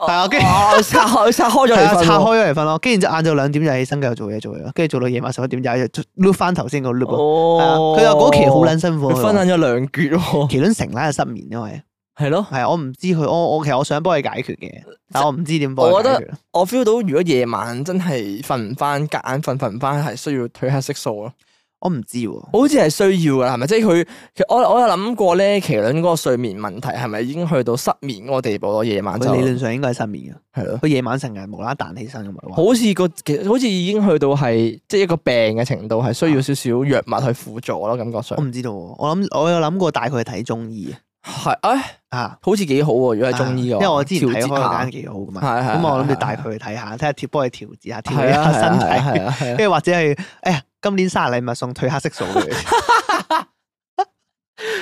但係我跟拆開拆開咗嚟瞓咯，拆開
咗嚟瞓咯。跟住就晏晝兩點就起身，繼續做嘢做嘢咯。跟住做到夜晚十一點，又又碌翻頭先個碌。佢又嗰期好捻辛苦，oh, 分散咗兩橛。麒麟成啦，失眠因為係咯，係我唔知佢，我我其實我想幫佢解決嘅，但係我唔知點幫。我覺得我 feel 到如果夜
晚真係瞓唔翻，隔硬瞓瞓唔翻係需要褪黑色素咯。我唔知，好似係需要噶，係咪即係佢？我我有諗過咧，麒麟嗰個睡眠問題係咪已經去
到失眠嗰個地步咯？夜晚就理論上應該係失眠嘅，係咯。佢夜晚成日無啦啦彈起身咁樣。
好似個好似已經去到係即係一個病嘅程度，係需要少少藥物去輔
助咯。感覺上我唔知道，我諗我有諗過帶佢去睇中醫，係誒啊，好似幾好喎！如果係中醫嘅，因為我之前睇開間幾好噶嘛，咁我諗住帶佢去睇下，睇下貼波去調節下，調節下身體，跟住或者係誒。今年生日禮物送褪黑色素，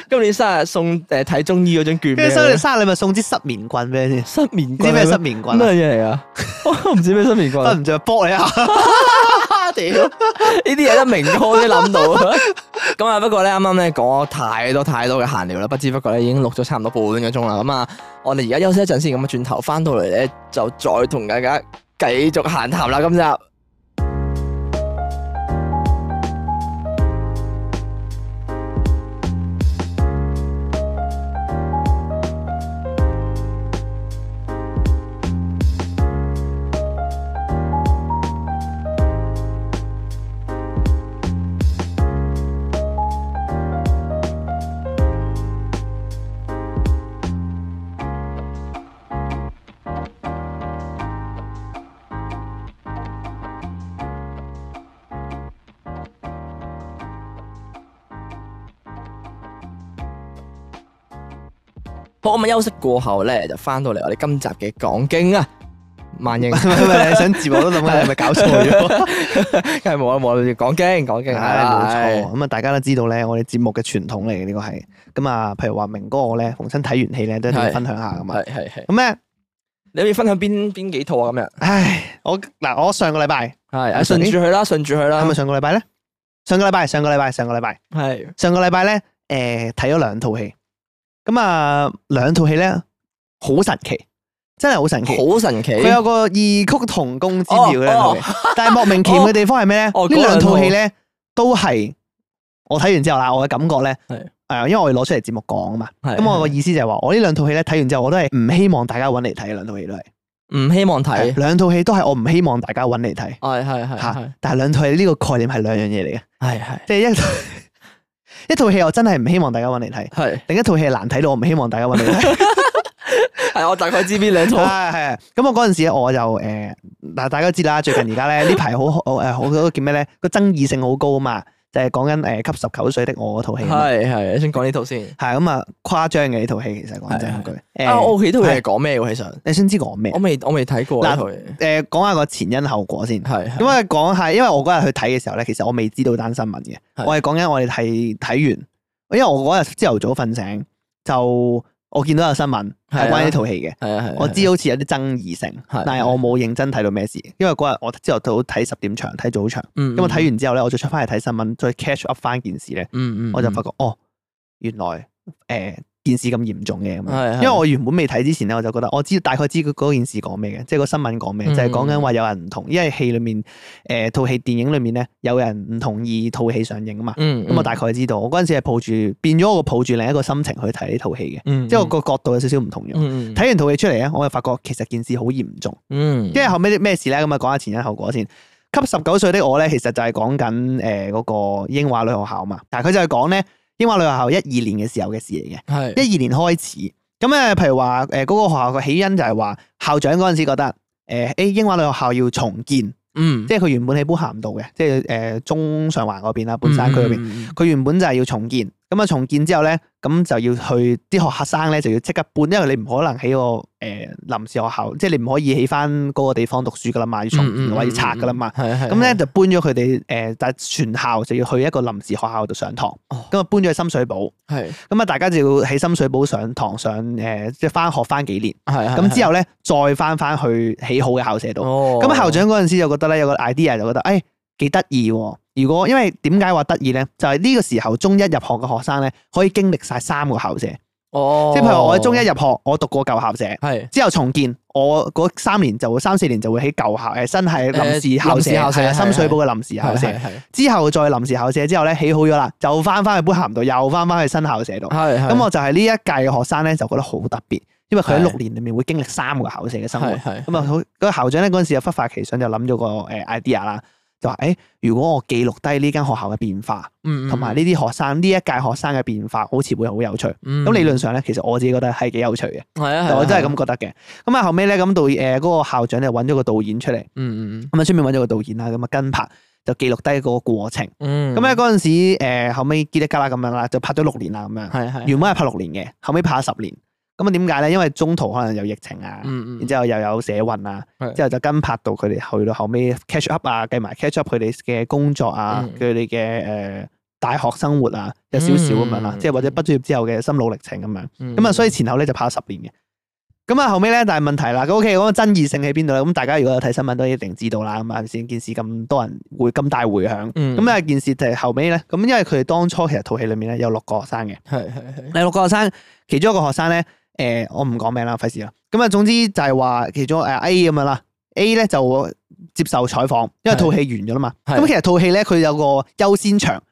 今年生日送誒睇中醫嗰張券咩？今年生日禮物送支失眠棍俾你先？失眠？知咩失眠棍啊？乜嘢嚟啊？我唔知咩失眠棍。瞓唔著，卜你啊！
呢
啲嘢得明哥都諗到。
咁啊，不過咧啱啱咧講咗太多太多嘅閒聊啦，不知不覺咧已經錄咗差唔多半個鐘啦。咁啊，我哋而家休息一陣先，咁啊轉頭翻到嚟咧就再同大家繼續閒談啦，今集。我咪休息過後咧，就翻到嚟我哋今集嘅講經啊，萬英，係咪想節目都咁？你係咪搞錯咗？
梗係冇啦冇啦，講經講經，係冇錯。咁啊，大家都知道咧，我哋節目嘅傳統嚟嘅呢個係。咁啊，譬如話明哥咧，逢親睇完戲咧，都一定要分享下咁。係係係。咁咧，你可以分享邊邊幾套啊？咁樣，唉，我嗱，我上個禮拜係順住佢啦，順住佢啦。係咪上個禮拜咧？上個禮拜，上個禮拜，上個禮拜係上個禮拜咧？誒，睇咗兩套戲。咁啊，兩套戲咧，好神奇，真係好神奇，好神奇。佢有個異曲同工之妙嘅，兩套戲但係莫名其妙嘅地方係咩咧？呢兩套戲咧，都係我睇完之後啦，我嘅感覺咧，係，係因為我要攞出嚟節目講啊嘛。咁我嘅意思就係話，我呢兩套戲咧睇完之後，我都係唔希望大家揾嚟睇，兩套戲都係唔希望睇。兩套戲都係我唔希望大家揾嚟睇，係
係係，
但係兩套戲呢個概念係兩樣嘢嚟嘅，係係，即係一。一套戲我真係唔希望大家揾嚟睇，另一套戲難睇到，我唔希望大家揾嚟睇。
係，我大概知邊兩套啦。係。
咁我嗰陣時我就誒，嗱大家知啦，最近而家咧呢排好好誒好多叫咩咧個爭議性好高啊嘛。就係講緊誒，給十九歲的我嗰套戲。係係，你先講呢套先。係咁啊，誇張嘅呢套戲其實講真句。啊，我好奇呢套戲係講咩嘅？其實講你先知講咩？我未我未睇過呢套嘢。誒，講、呃、下個前因後果先。係咁啊，講下，因為我嗰日去睇嘅時候咧，其實我未知道單新聞嘅。是是我係講緊我哋係睇完，因為我嗰日朝頭早瞓醒就。我見到有新聞係係啊關於呢套戲嘅，我知好似有啲爭議性，但係我冇認真睇到咩事，因為嗰日我朝頭早睇十點場，睇早場，咁、嗯嗯、我睇完之後咧，我再出翻嚟睇新聞，再 catch up 翻件事咧，嗯嗯嗯我就發覺哦，原來誒。呃件事咁嚴重嘅，因為我原本未睇之前咧，我就覺得我知大概知嗰件事講咩嘅，即係個新聞講咩，就係講緊話有人唔同，因為戲裏面誒套戲電影裏面咧，有人唔同意套戲上映啊嘛。咁、嗯嗯、我大概知道，我嗰陣時係抱住變咗我抱住另一個心情去睇呢套戲嘅，嗯嗯即係我個角度有少少唔同嘅。睇完套戲出嚟咧，我就發覺其實件事好嚴重。因為後尾啲咩事咧，咁啊講下前因後果先。《給十九歲的我》咧，其實就係講緊誒嗰個英華女學校嘛，但係佢就係講咧。英華女學校一二年嘅時候嘅事嚟嘅。係一二年開始，咁誒，譬如話誒嗰個學校嘅起因就係話校長嗰陣時覺得誒，誒、欸，英華女學校要重建，嗯，即係佢原本喺般咸道嘅，即係誒中上環嗰邊啦，半山區嗰邊，佢原本就係要重建。咁啊，重建之後咧，咁就要去啲學生咧，就要即刻搬，因為你唔可能喺個誒臨時學校，即係你唔可以起翻嗰個地方讀書噶啦嘛，嗯嗯嗯嗯要重建或者要拆噶啦嘛。咁咧、嗯嗯嗯嗯嗯 嗯、就搬咗佢哋誒，但係全校就要去一個臨時學校度上堂。咁啊噢，嗯、 搬咗去深水埗。係咁啊，大家就要喺深水埗上堂上誒，即係翻學翻幾年。係咁、嗯嗯嗯嗯、之後咧，再翻翻去起好嘅校舍度。咁、哦、校長嗰陣時就覺得咧，有個 idea 就覺得，誒、哎，幾得意。如果，因為點解話得意咧？就係呢個時候，中一入學嘅學生咧，可以經歷晒三個校舍。
哦，即係譬如我喺中一
入學，我讀過舊校舍，係，之後重建，我三年就會三四年就會起舊校誒，新係臨時臨時校舍、深水埗嘅臨時校舍，之後再臨時校舍之後咧起好咗啦，就翻翻去本校度，又翻翻去新校舍度。係咁我就係呢一屆嘅學生咧，就覺得好特別，因為佢喺六年裡面會經歷三個校舍嘅生活。係係。咁啊，個校長咧嗰陣時就忽發奇想，就諗咗個誒 idea 啦。就話誒，如果我記錄低呢間學校嘅變化，同埋呢啲學生呢一屆學生嘅變化，好似會好有趣。咁、嗯、理論上咧，其實我自己覺得係幾有趣嘅。係啊、嗯，我真係咁覺得嘅。咁啊、嗯，後尾咧咁導誒，嗰個校長就揾咗個導演出嚟。嗯嗯。咁啊，出面揾咗個導演啦，咁啊跟拍就記錄低個過程。咁啊、嗯，嗰陣時誒，後尾《基德加拉》咁樣啦，就拍咗六年啦，咁樣。係係。原本係拍六年嘅，後尾拍咗十年。咁啊，點解咧？因為中途可能有疫情啊，然之後又有社運啊，之後就跟拍到佢哋去到後尾 catch up 啊，計埋 catch up 佢哋嘅工作啊，佢哋嘅誒大學生活啊，有少少咁樣啦，即係或者畢咗業之後嘅心路歷程咁樣。咁啊，所以前後咧就拍咗十年嘅。咁啊，後尾咧，但係問題啦，咁 OK，咁啊，個爭議性喺邊度咧？咁大家如果有睇新聞都一定知道啦。咁啊，先件事咁多人會咁大回響。咁啊，件事就係後尾咧。咁因為佢哋當初其實套戲裏面咧有六個學生嘅，係係係，係六個學生，其中一個學生咧。誒，呃、我唔講名啦，費事啦。咁啊，總之就係話其中誒 A 咁樣啦，A 咧，就接受採訪，因為套戲完咗啦嘛。咁是的 其實套戲咧佢有個優先場，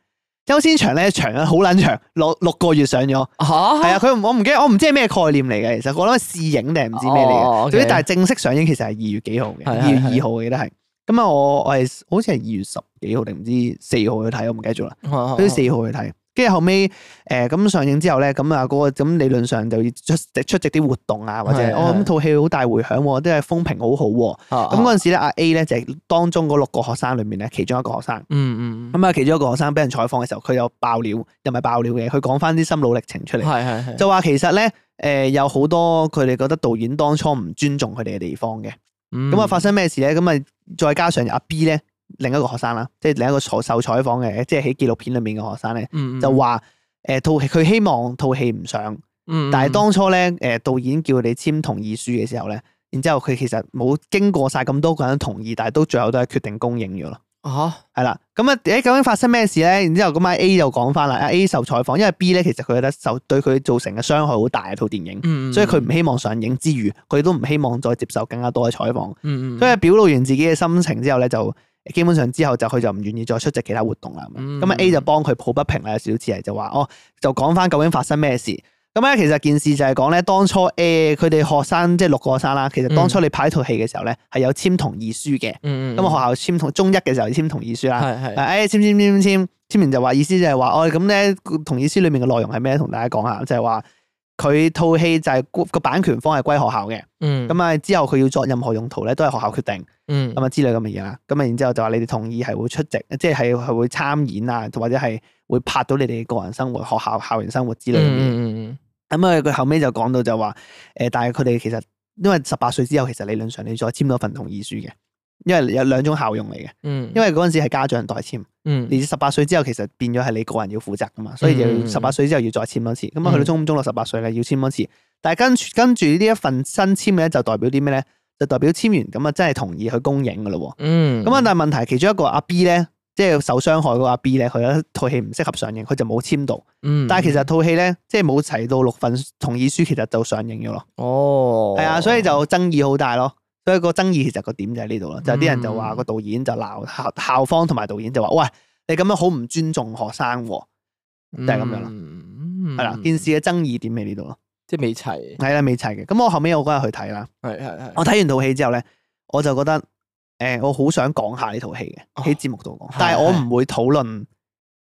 優先場咧長啊好撚長，六六個月上咗。吓係啊，佢我唔記得，我唔知係咩概念嚟嘅。其實我諗係試影定唔知咩嚟嘅。總之。咁但係正式上映其實係二月幾號嘅？二月二號我記得係。咁啊，我我係好似係二月十幾號定唔知四號去睇，我唔記得咗啦。都四號去睇。跟住後尾，誒咁上映之後咧，咁啊嗰個咁理論上就要出出席啲活動啊，或者我諗套戲好大迴響喎，都係風評好好喎。咁嗰陣時咧，阿 A 咧就係當中嗰六個學生裏面咧其中一個學生。嗯嗯。咁啊，其中一個學生俾人採訪嘅時候，佢有爆料，又咪爆料嘅，佢講翻啲心路歷程出嚟。係係係。就話其實咧，誒有好多佢哋覺得導演當初唔尊重佢哋嘅地方嘅。嗯。咁啊發生咩事咧？咁啊再加上阿 B 咧。另一個學生啦，即係另一個採受採訪嘅，即係喺紀錄片裏面嘅學生咧，就話誒套佢希望套戲唔上，mm
hmm. 但係當
初咧誒、呃、導演叫你簽同意書嘅時候咧，然之後佢其實冇經過晒咁多個人同意，但係都最後都係決定公映咗咯。啊、uh，係、huh. 啦，咁啊誒究竟發生咩事咧？然之後咁阿 A 就講返啦，阿 A 受採訪，因為 B 咧其實佢覺得受對佢造成嘅傷害好大，套電影，mm hmm. 所以佢唔希望上映之餘，佢都唔希望再接受更加多嘅採訪。Mm hmm. 所以表露完自己嘅心情之後咧就。基本上之後就佢就唔願意再出席其他活動啦。咁啊、嗯嗯、A 就幫佢抱不平啦，有少少似係就話哦，就講翻究竟發生咩事。咁、嗯、啊、嗯嗯、其實件事就係講咧，當初誒佢哋學生即係六個學生啦。其實當初你拍一套戲嘅時候咧，係有簽同意書嘅。咁、嗯、啊、嗯嗯、學校簽同中一嘅時候簽同意書啦。係係誒簽簽簽簽簽，簽完、嗯嗯哎、就話意思就係、是、話哦咁咧，同意書裏面嘅內容係咩？同大家講下就係、是、話。佢套戲就係、是、個版權方係歸學校嘅，咁啊、嗯、之後佢要作任何用途咧都係學校決定，咁啊、嗯、之類咁嘅嘢啦。咁啊然之後就話你哋同意係會出席，即係係會參演啊，或者係會拍到你哋個人生活、學校校園生活之類嘅。咁啊佢後尾就講到就話，誒、呃，但係佢哋其實因為十八歲之後，其實理論上你再簽多份同意書嘅。因為有兩種效用嚟嘅，因為嗰陣時係家長代簽，
而至
十八歲之後，其實變咗係你個人要負責噶嘛，所以要十八歲之後要再簽一次。咁啊，去到中五、中六十八歲咧，要簽一次。但係跟跟住呢一份新簽咧，就代表啲咩咧？就代表簽完咁啊，真係同意去公映噶咯。嗯。咁啊，但係問題其中一個阿 B 咧，即係受傷害嗰個阿 B 咧，佢一套戲唔適合上映，佢就冇簽到。但係其實套戲咧，即係冇齊到六份同意書，其實就上映咗咯。哦。係啊，所以就爭議好大咯。所以個爭議其實個點就喺呢度咯，就有啲人就話個導演就鬧校校方同埋導演就話，喂，你咁樣好唔尊重學生，就係、是、咁樣啦。
係啦、嗯，嗯、
件事嘅爭議點喺呢度咯，即係未齊。係啦，未齊嘅。咁我後尾我嗰日去睇啦，係係係。我睇完套戲之後咧，我就覺得，誒、呃，我好想講下呢套戲嘅，喺節目度講，哦、是是是，但係我唔會討論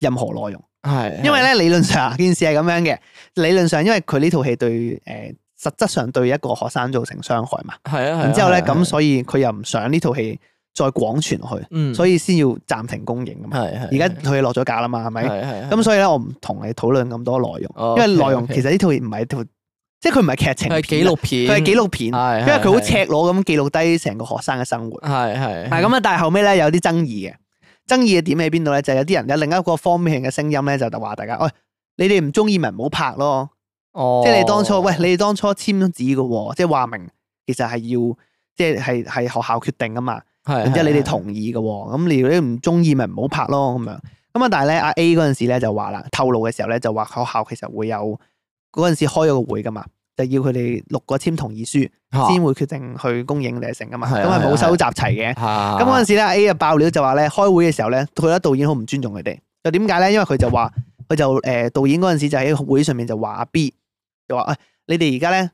任何內容，係是，因為咧理論上件事係咁樣嘅，理論上因為佢呢套戲對，誒。實質上對一個學生造成傷害嘛？係
啊，然之後咧咁，
所以佢又唔想呢套戲再廣傳去，所以先要暫停公映。係係，而家佢落咗架啦嘛，係咪？係咁所以咧，我唔同你討論咁多內容，因為內容其實呢套唔係套，即係佢唔係劇情，係紀錄片，佢係紀錄片，因為佢好赤裸咁記錄低成個學生嘅生活。係係，係咁啊！但係後尾咧有啲爭議嘅，爭議嘅點喺邊度咧？就係有啲人有另一個方面嘅聲音咧，就就話大家，喂，你哋唔中意咪唔好拍咯。哦、即係你當初喂，你哋當初簽咗字噶，即係話明，其實係要，即係係係學校決定啊嘛。是是然之後你哋同意噶，咁你如果你唔中意，咪唔好拍咯咁樣。咁啊，但係咧，阿 A 陣時咧就話啦，透露嘅時候咧就話學校其實會有嗰陣時開咗個會噶嘛，就要佢哋六個簽同意書，先、啊、會決定去公映成啊嘛。咁啊冇收集齊嘅。咁嗰陣時咧 A 啊爆料就話咧開會嘅時候咧，佢覺得導演好唔尊重佢哋。又點解咧？因為佢就話佢就誒、呃、導演嗰陣時就喺會上面就話阿 B。就話誒，你哋而家咧，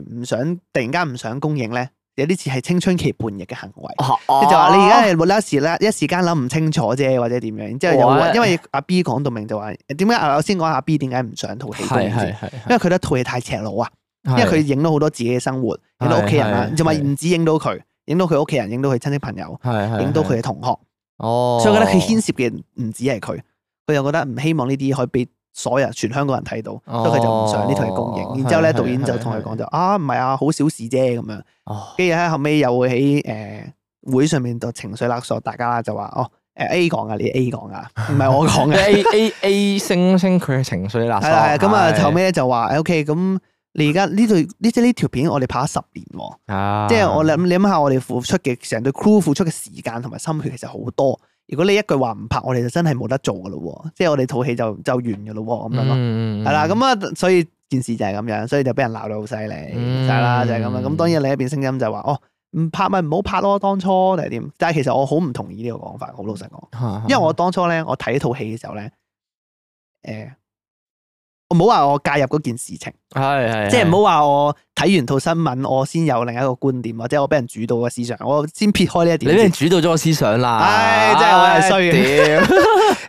誒唔想突然間唔想公映咧，有啲似係青春期叛逆嘅行為。即係話你而家係冇一時啦，一時間諗唔清楚啫，或者點樣？然之後有，因為阿 B 講到明就話，點解我先講阿 B 點解唔想套戲？係係係，因為佢得套嘢太赤裸啊，因為佢影到好多自己嘅生活，影到屋企人啊，仲話唔止影到佢，影到佢屋企人，影到佢親戚朋友，影到佢嘅同學。
哦，所以覺得佢牽
涉嘅唔止係佢，佢又覺得唔希望呢啲可以被。所有人全香港人睇到，哦、所以就唔想呢套嘅公映。然之後咧，導演就同佢講就啊，唔係啊，好小事啫咁樣。跟住喺後尾又會喺誒、呃、會上面就情緒勒索，大家就話哦誒、啊、A 講啊，你 A 講啊，唔係我講嘅。 A A A 星
星佢嘅情緒勒索。係咁啊後尾
就話，OK，咁你而家呢套呢即係呢條片，我哋拍咗十年，啊、
即係我
諗你諗下，我哋付出嘅成隊 crew 付出嘅時間同埋心血，其實好多。如果你一句話唔拍，我哋就真係冇得做噶咯，即係我哋套戲就就完噶咯，咁、嗯、樣咯，係啦，咁啊，所以件事就係咁樣，所以就俾人鬧到好犀利，係啦、嗯，就係咁樣。咁當然另一邊聲音就話，哦，唔拍咪唔好拍咯，當初定係點？但係其實我好唔同意呢個講法，好老實講，因為我當初咧，我睇套戲嘅時候咧，誒、呃。唔好話我介入嗰件事情，係係，即係唔好話我睇完套新聞，我先有另一個觀點，或者我俾人主導嘅思想，我先撇開呢一點。你哋主導
咗我思想啦，唉，真係衰。屌，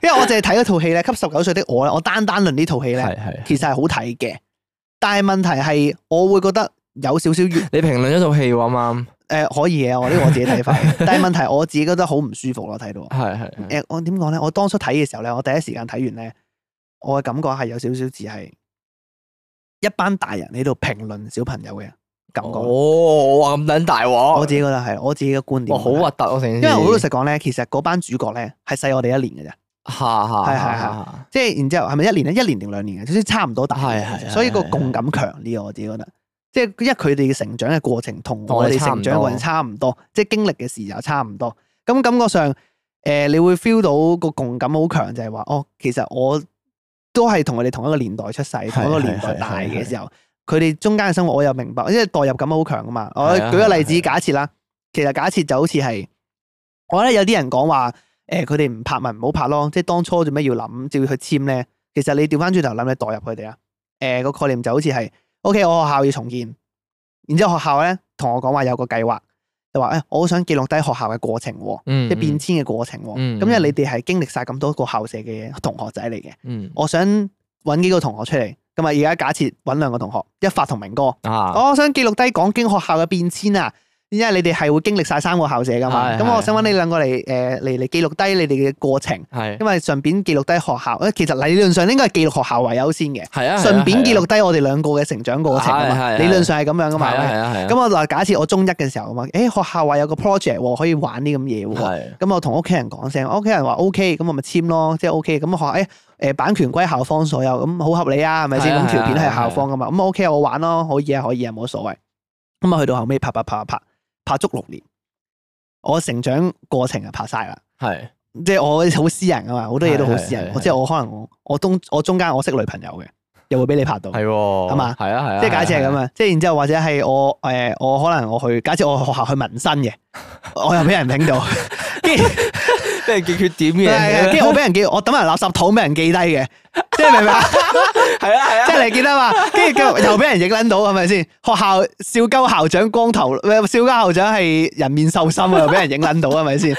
因為我淨係睇一套戲咧，《給十九歲的我》我單單論呢套戲咧，其實係好睇嘅。是是是，但係問題係，我會覺得有少少越你評論一套戲啱啱？誒、呃，可以嘅，我呢個我自己睇法。 但係問題，我自己覺得好唔舒服咯，睇到。係係。誒，我點講咧？我當初睇嘅時候咧，我第一時間睇完咧。我嘅感覺係有少少似係一班大人喺度評論小朋友嘅感覺。哦，哇咁撚大喎！我自己覺得係我自己嘅觀點。好核突我成。因為好老實講咧，其實嗰班主角咧係細我哋一年嘅啫。吓吓，即係然之後係咪一年咧？一年定兩年嘅？總之差唔多大。係係。所以個共感強啲，是是是我自己覺得。即係是因為佢哋嘅成長嘅過程同我哋成長嘅過程差唔多，即係經歷嘅事就差唔多。咁感覺上，誒、呃，你會 feel 到個共感好強，就係話哦，其實我。都係同我哋同一個年代出世，同一個年代大嘅時候，佢哋中間嘅生活我又明白，因為代入感好強噶嘛。我舉個例子，假設啦，其實假設就好似係，我覺得有啲人講話，誒佢哋唔拍咪唔好拍咯，即係當初做咩要諗，就要去簽咧。其實你調翻轉頭諗，你代入佢哋啊，誒、欸、個概念就好似係，O K 我學校要重建，然之後學校咧同我講話有個計劃。就話誒，我好想記錄低學校嘅過程，嗯嗯即係變遷嘅過程。咁，嗯嗯、因為你哋係經歷晒咁多個校舍嘅同學仔嚟嘅，嗯嗯我想揾幾個同學出嚟。咁啊，而家假設揾兩個同學，一發同明哥。
啊，我想
記錄低講經學校嘅變遷啊！因為你哋係會經歷晒三個校舍噶嘛，咁我想揾呢兩個嚟誒嚟嚟記錄低你哋嘅過程，因為順便記錄低學校。其實理論上應該係記錄學校為優先嘅，順便記錄低我哋兩個嘅成長過程啊嘛。理論上係咁樣噶嘛。咁我嗱，假設我中一嘅時候嘛，誒學校話有個 project 可以玩啲咁嘢，咁我同屋企人講聲，屋企人話 OK，咁我咪簽咯，即係 OK。咁學校誒版權歸校方所有，咁好合理啊，係咪先？咁條片係校方噶嘛，咁 OK，我玩咯，可以啊，可以啊，冇所謂。咁啊，去到後尾拍拍拍拍。拍足六年，我成長過程啊拍晒啦，係是，即係我好私人噶嘛，好多嘢都好私人。即係我可能我中我中間我中我識女朋友嘅，又會俾你拍到，係喎，係嘛，係
啊係。即係假設係咁啊，吧啊
啊即係然之後或者係我誒、呃，我可能我去假設我去學校去紋身嘅，我又俾人影到。 即係叫
缺點嘅，跟住我俾人
記，我抌埋垃圾桶俾人記低嘅，即係明唔明啊？係啊係啊，即係你記得啦嘛，跟住又又俾人影撚到，係咪先？學校少鳩校長光頭，唔係少鳩校長係人面獸心啊，又俾人影撚到，係咪先？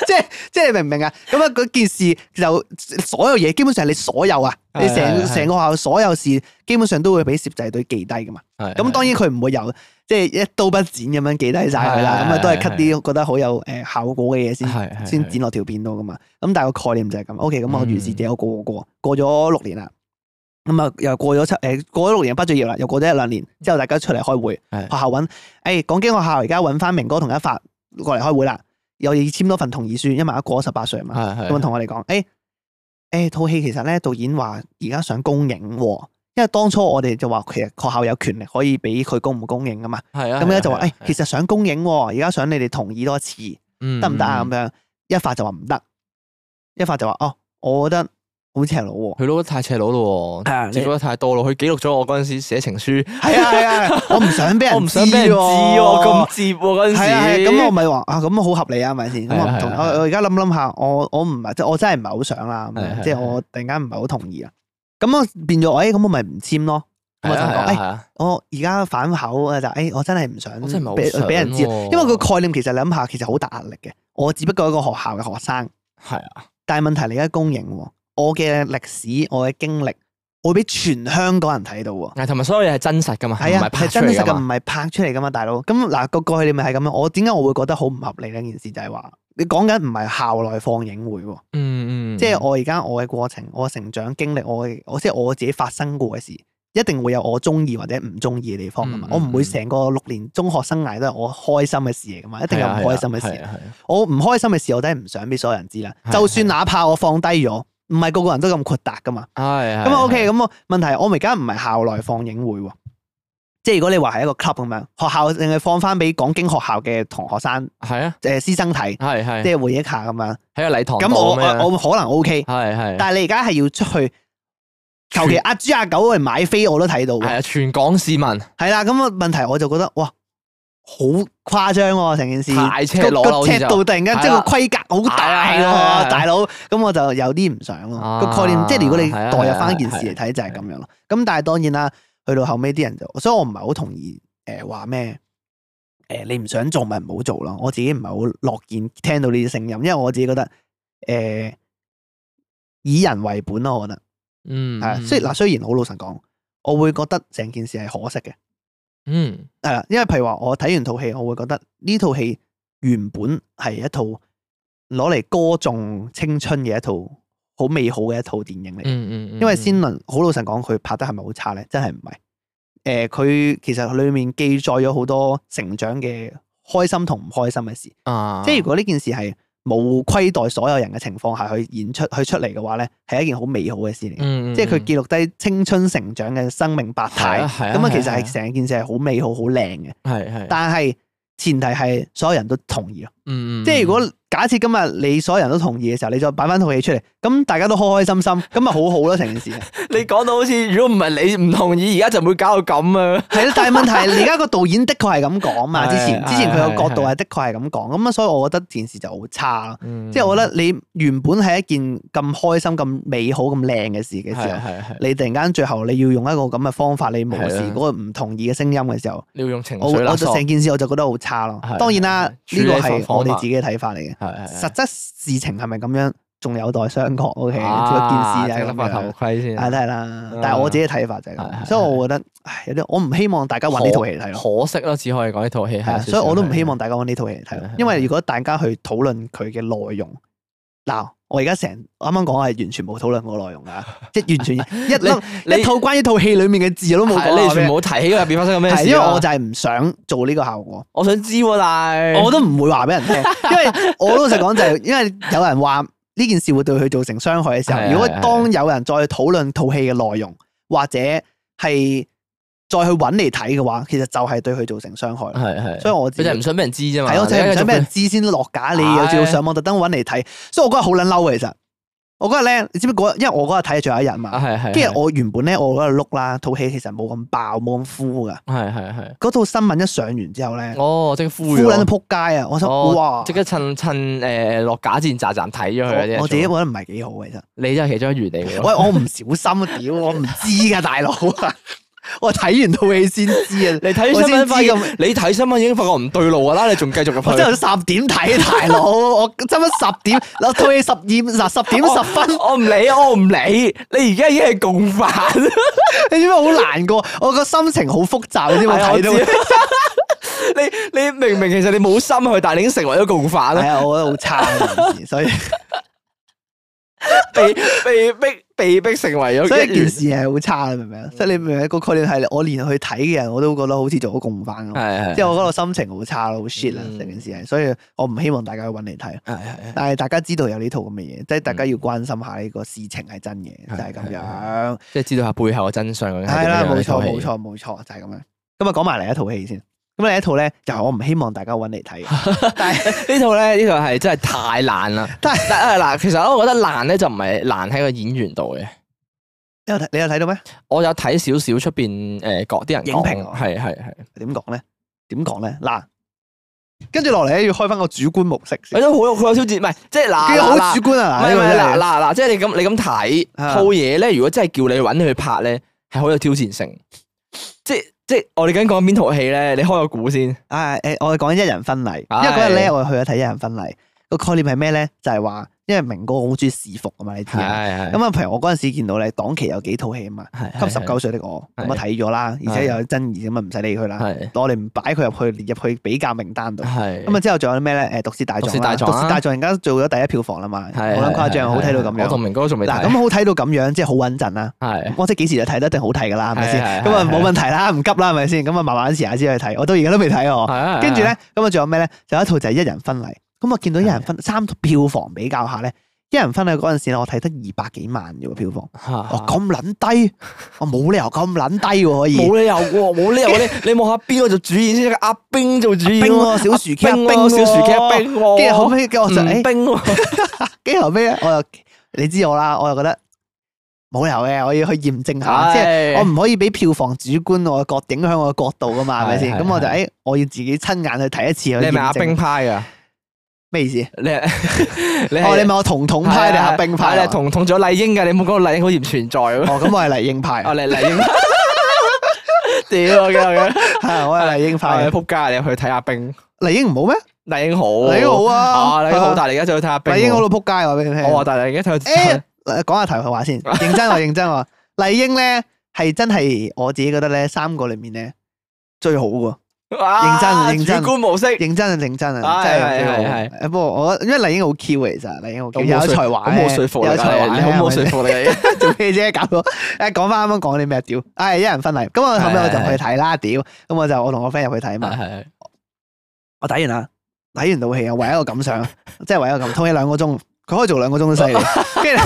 即係即係明唔明啊？咁啊，嗰件事就所有嘢，基本上係你所有啊，你成成個學校所有事，基本上都會俾攝製隊記低噶嘛。咁 當然佢唔會有，即係一刀不剪咁樣記低晒佢啦。咁啊， 都係 cut 啲覺得好有誒效果嘅嘢先， 先剪落條片度噶嘛。咁但係個概念就係咁。O K，咁我如是者過，過過過，過咗六年啦。咁啊，又過咗七誒，過咗六年畢咗業啦，又過咗一兩年，年之後，大家出嚟開會， 學校揾誒，講經學校而家揾返明哥同一發過嚟開會啦。有二千多份同意書，因為一過咗十八歲嘛，咁同的我哋講，誒誒的，套戲，欸欸，其實咧導演話而家想公映，哦，因為當初我哋就話其實學校有權力可以俾佢公唔公映噶嘛，咁的樣就話誒，欸，其實想公映，哦，而家想你哋同意多次，得唔得啊？咁樣，嗯，一發就話唔得，一發就話哦，我覺得。好赤佬佢攞得太赤佬咯，接得
太多咯。佢記錄咗我嗰陣時寫情書，係啊係啊，
我唔想俾人，我唔想俾人知，我咁接嗰陣時，咁我咪話啊，咁好合理啊，係咪先？咁我同我而家諗諗下，我我唔係即我真係唔係好想啦，即係我突然間唔係好同意啊。咁我變咗，哎，咁我咪唔簽咯。咁啊就講，哎，我而家反口就，哎，我真係唔想，真俾俾人知，因為個概念其實你諗下，其實好大壓力嘅。我只不過一個學校嘅學生，係啊，但係問題你而家公認。我嘅歷史，我嘅經歷，會俾全香港人睇到喎。同埋、啊、所有嘢係真實噶嘛？係啊，係真實噶，唔係拍出嚟噶嘛，大佬。咁嗱個概念咪係咁樣。我點解我會覺得好唔合理呢件事就係話，你講緊唔係校內放映會。嗯，即係我而家我嘅過程，我嘅成長經歷，我我即係我自己發生過嘅事，一定會有我中意或者唔中意嘅地方噶嘛。嗯、我唔會成個六年中學生涯都係我開心嘅事嚟噶嘛，嗯、一定有唔開心嘅事。係、嗯嗯、我唔開心嘅事、嗯嗯嗯、事，我都係唔想俾所有人知啦。嗯嗯嗯、就算哪怕我放低咗。唔係個個人都咁闊達㗎嘛，咁啊係 OK，咁我問題我咪而家唔係校內放映會喎，即係如果你話係一個 club 咁樣，學校淨係放翻俾港京學校嘅同學生，係係啊、呃，誒師生睇，係係，即係回憶一下咁樣，喺
個禮堂堂。咁我我我
可能 OK，係係，但係你而家係要出去，求其阿豬阿狗去買飛我都睇到嘅，係啊，全港市民，係啦、啊，咁啊問題我就覺得哇！好誇張喎，成、啊、件事個，個尺度突然間、啊、即係個規格好
大咯、啊，啊啊、大佬
哥咁、啊、我就有啲唔想咯、啊，個、啊、概念即係如果你代入翻件事嚟睇、啊、就係咁樣咯、啊。咁、啊啊、但係當然啦，去到後尾啲人就，所以我唔係好同意誒話咩誒你唔想做咪唔好做咯。我自己唔係好樂見聽到呢啲聲音，因為我自己覺得誒、呃、以人為本咯，我覺得嗯係，即係嗱雖然好老實講，我會覺得成件事係可惜嘅。嗯，誒，因為譬如話我睇完套戲，我會覺得呢套戲原本係一套攞嚟歌頌青春嘅一套好美好嘅一套電影嚟、嗯。
嗯嗯，因為
仙倫好老實講，佢拍得係咪好差咧？真係唔係。誒、呃，佢其實裏面記載咗好多成長嘅開心同唔開心嘅事。啊，即係如果呢件事係。冇虧待所有人嘅情況下去演出去出嚟嘅話咧，係一件好美好嘅事嚟，嗯、即係佢記錄低青春成長嘅生命百態。咁啊，啊啊其實係成件事係好美好、好靚嘅。係係、啊，
啊、但
係前提係所有人都同意咯。嗯、即係如果假設今日你所有人都同意嘅時候，你再擺翻套戲出嚟，咁大家都開開心心，咁咪好好咯成件事 你。
你講到好似如果唔係你唔同意，而家就唔會搞到咁
啊。係，但係問題而家 個導演的確係咁講嘛，之前之前佢個角度係的確係咁講，咁是 是是 所以我覺得件事就好差。是
是是即係我覺
得你原本係一件咁開心、咁美好、咁靚嘅事嘅時候，是是是你突然間最後你要用一個咁嘅方法你無視嗰個唔同意嘅聲音嘅時候，是的
你要用情緒我，我就成
件事我就覺得好差咯。當然啦、啊，呢個係。我哋自己嘅睇法嚟嘅，實質事情係咪咁樣，仲有待商榷。OK，成件事就係啦，戴個頭盔先，係都係啦。但係我自己嘅睇法就係咁，所以我覺得，唉，有啲我唔希望大家揾呢套戲睇咯。可
惜咯，只可以講呢套戲係，的所以我都唔希
望大家揾呢套戲嚟睇咯。因為如果大家去討論佢嘅內容。嗱，我而家成啱啱講係完全冇討論過內容噶，即係完全一你一,一套關於一套戲裏面嘅字我都冇講， 你全部冇提起入邊發生咩事，係因為我就係唔想做呢個效果。我想知，但係我都唔會話俾人聽， 因為我老實講就係，因為有人話呢件事會對佢造成傷害嘅時候， 如果當有人再討論套戲嘅內容，或者係。再去揾嚟睇嘅話，其實就係對佢造成傷害。係係，所以我真係唔想
俾人知啫嘛。係我即係唔想俾人
知先落架，你有要上網特登揾嚟睇。所以我覺得好捻嬲。其實我嗰日咧，你知唔知因為我嗰日睇最後一日嘛。係係。跟住我原本咧，我嗰日碌啦，套戲其實冇咁爆，冇咁呼噶。係係係。嗰套新聞一上完之後咧，哦，即呼呼捻撲街啊！我想哇，
即刻趁趁誒落架前站站睇咗佢。我自己覺
得唔係幾好，其實。
你真係其中一員嚟。喂，我
唔小心，屌我唔知噶大佬啊！我睇完套戲先知啊，你睇新聞先知咁，你睇
新聞已經發覺唔對路啊，拉你仲繼續入去。真係十
點睇大佬， 我真係十點，我套戲十二嗱十點十分，我唔理我唔理。你而家已經係共犯， 你點解好難過？我個心情
好複雜， 知 你知唔知我睇到？你你明明其實你冇心去，但係你已經成為咗共犯啦。係啊，我覺得好差，所以。 被被逼，被逼成為咗，所以件
事係好差，你明唔明啊？即係你明唔明個概念係，我連去睇嘅人我都覺得好似做咗共犯咁，即係我嗰個心情好差咯，好 shit 啊！成件事係，所以我唔希望大家去搵嚟睇，但係大家知道有呢套咁嘅嘢，即係大家要關心下呢個事情係真嘅，就係咁樣，即係知道下背後嘅真相。係啦，冇錯冇錯冇錯，就係咁樣。咁啊，講埋嚟一套戲先。咁呢一套咧，就係我唔希望大家揾嚟睇。
但係呢套咧，呢套係真係太
爛啦。但係嗱，其實我覺得爛咧就唔係爛喺個
演員度嘅。你有睇？你有睇到咩？我有睇少少出邊誒，嗰啲人
影評，係係係。點講咧？點講咧？嗱，跟住落嚟咧要開翻個主觀模式。佢都好有，佢有挑戰，唔係即係嗱嗱主觀啊，唔係嗱嗱，即係你咁你咁
睇套嘢咧。如果真係叫你揾佢拍咧，係好有挑戰性，即係。即係我哋緊講邊套戲咧？你開個估先。啊，誒，我哋講一人婚禮，因為嗰日咧我哋
去咗睇一人婚禮。個概念係咩咧？就係話。因為明哥好中意視服啊嘛，你知咁啊，譬如我嗰陣時見到你檔期有幾套戲啊嘛，給十九歲的我咁啊睇咗啦，而且有爭議咁啊，唔使理佢啦。我哋唔擺佢入去入去比較名單度。咁啊之後仲有啲咩咧？誒，毒舌大狀，毒舌大狀，大狀，人家做咗第一票房啦嘛，冇咁誇張，好睇到咁樣。我同明哥仲未。嗱，咁好睇到咁樣，即係好穩陣啦。係，我即係幾時就睇得一定好睇噶啦，係咪先？咁啊冇問題啦，唔急啦，係咪先？咁啊慢慢試下先去睇，我到而家都未睇我。跟住咧，咁啊仲有咩咧？就一套就係一人婚禮。咁我見到一人分三套票房比較下咧，一人分去嗰陣時我睇得二百幾萬嘅票房，咁撚低，我冇理由咁撚低㗎可以，冇理由嘅，冇理由咧。你望下邊個做主演先，阿冰做主演咯，小薯茄冰小冰。跟住後尾。跟住我就跟住後尾，我又你知我啦，我又覺得冇理由嘅，我要去驗證下，即係我唔可以俾票房主觀我個角影響我個角度噶嘛，係咪先？咁我就誒，我要自己親眼去睇一次阿冰拍噶？咩意思？你你哦，你問我彤彤派定阿冰派咧？彤彤仲有麗英
嘅，你冇講到麗英好似唔存在咯。哦，咁我係麗英派。哦，麗麗英。屌，
我驚，我係麗英派。你仆街，你去睇阿冰。麗英唔好咩？麗英好，麗英好啊。啊，麗英好大，你而家就去睇下冰。麗英好到仆街，我俾你聽。我話大，你而家睇。誒，講下台話先，認真話認真話。麗英咧係真係，我自己覺得咧，三個裏面咧最好嘅。認真，主觀模式，認真啊，認真啊，真係係不過我因為麗英好 Q 其咋，麗英好有才華，有才華，好冇說服你，做咩啫？搞到誒，講翻啱啱講啲咩？屌，係一人婚禮。咁我後尾我就去睇啦。屌，咁我就我同我 friend 入去睇嘛。我睇完啦，睇完套戲啊，唯一個感想即係唯一個感。通起兩個鐘，佢可以做兩個鐘都犀利。跟住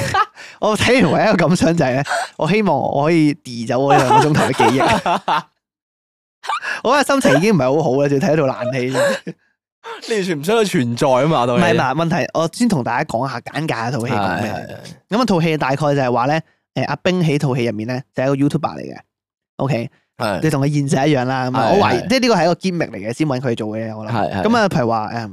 我睇完唯一個感想就係咧，我希望我可以 d 走我兩個鐘頭嘅記憶。我嘅心情已經唔係好好啦，就睇一套爛戲，
你完全唔需要存在啊嘛，都係。唔係，嗱，
問題我先同大家講下簡介啊，套戲。咁啊，套戲大概就係話咧，誒，阿冰喺套戲入面咧，就係一個 YouTuber 嚟嘅。OK，你同佢現實一樣啦。我懷疑，即係呢個係一個 gimmick 嚟嘅，先搵佢做嘅嘢，我諗。咁啊，譬如話誒，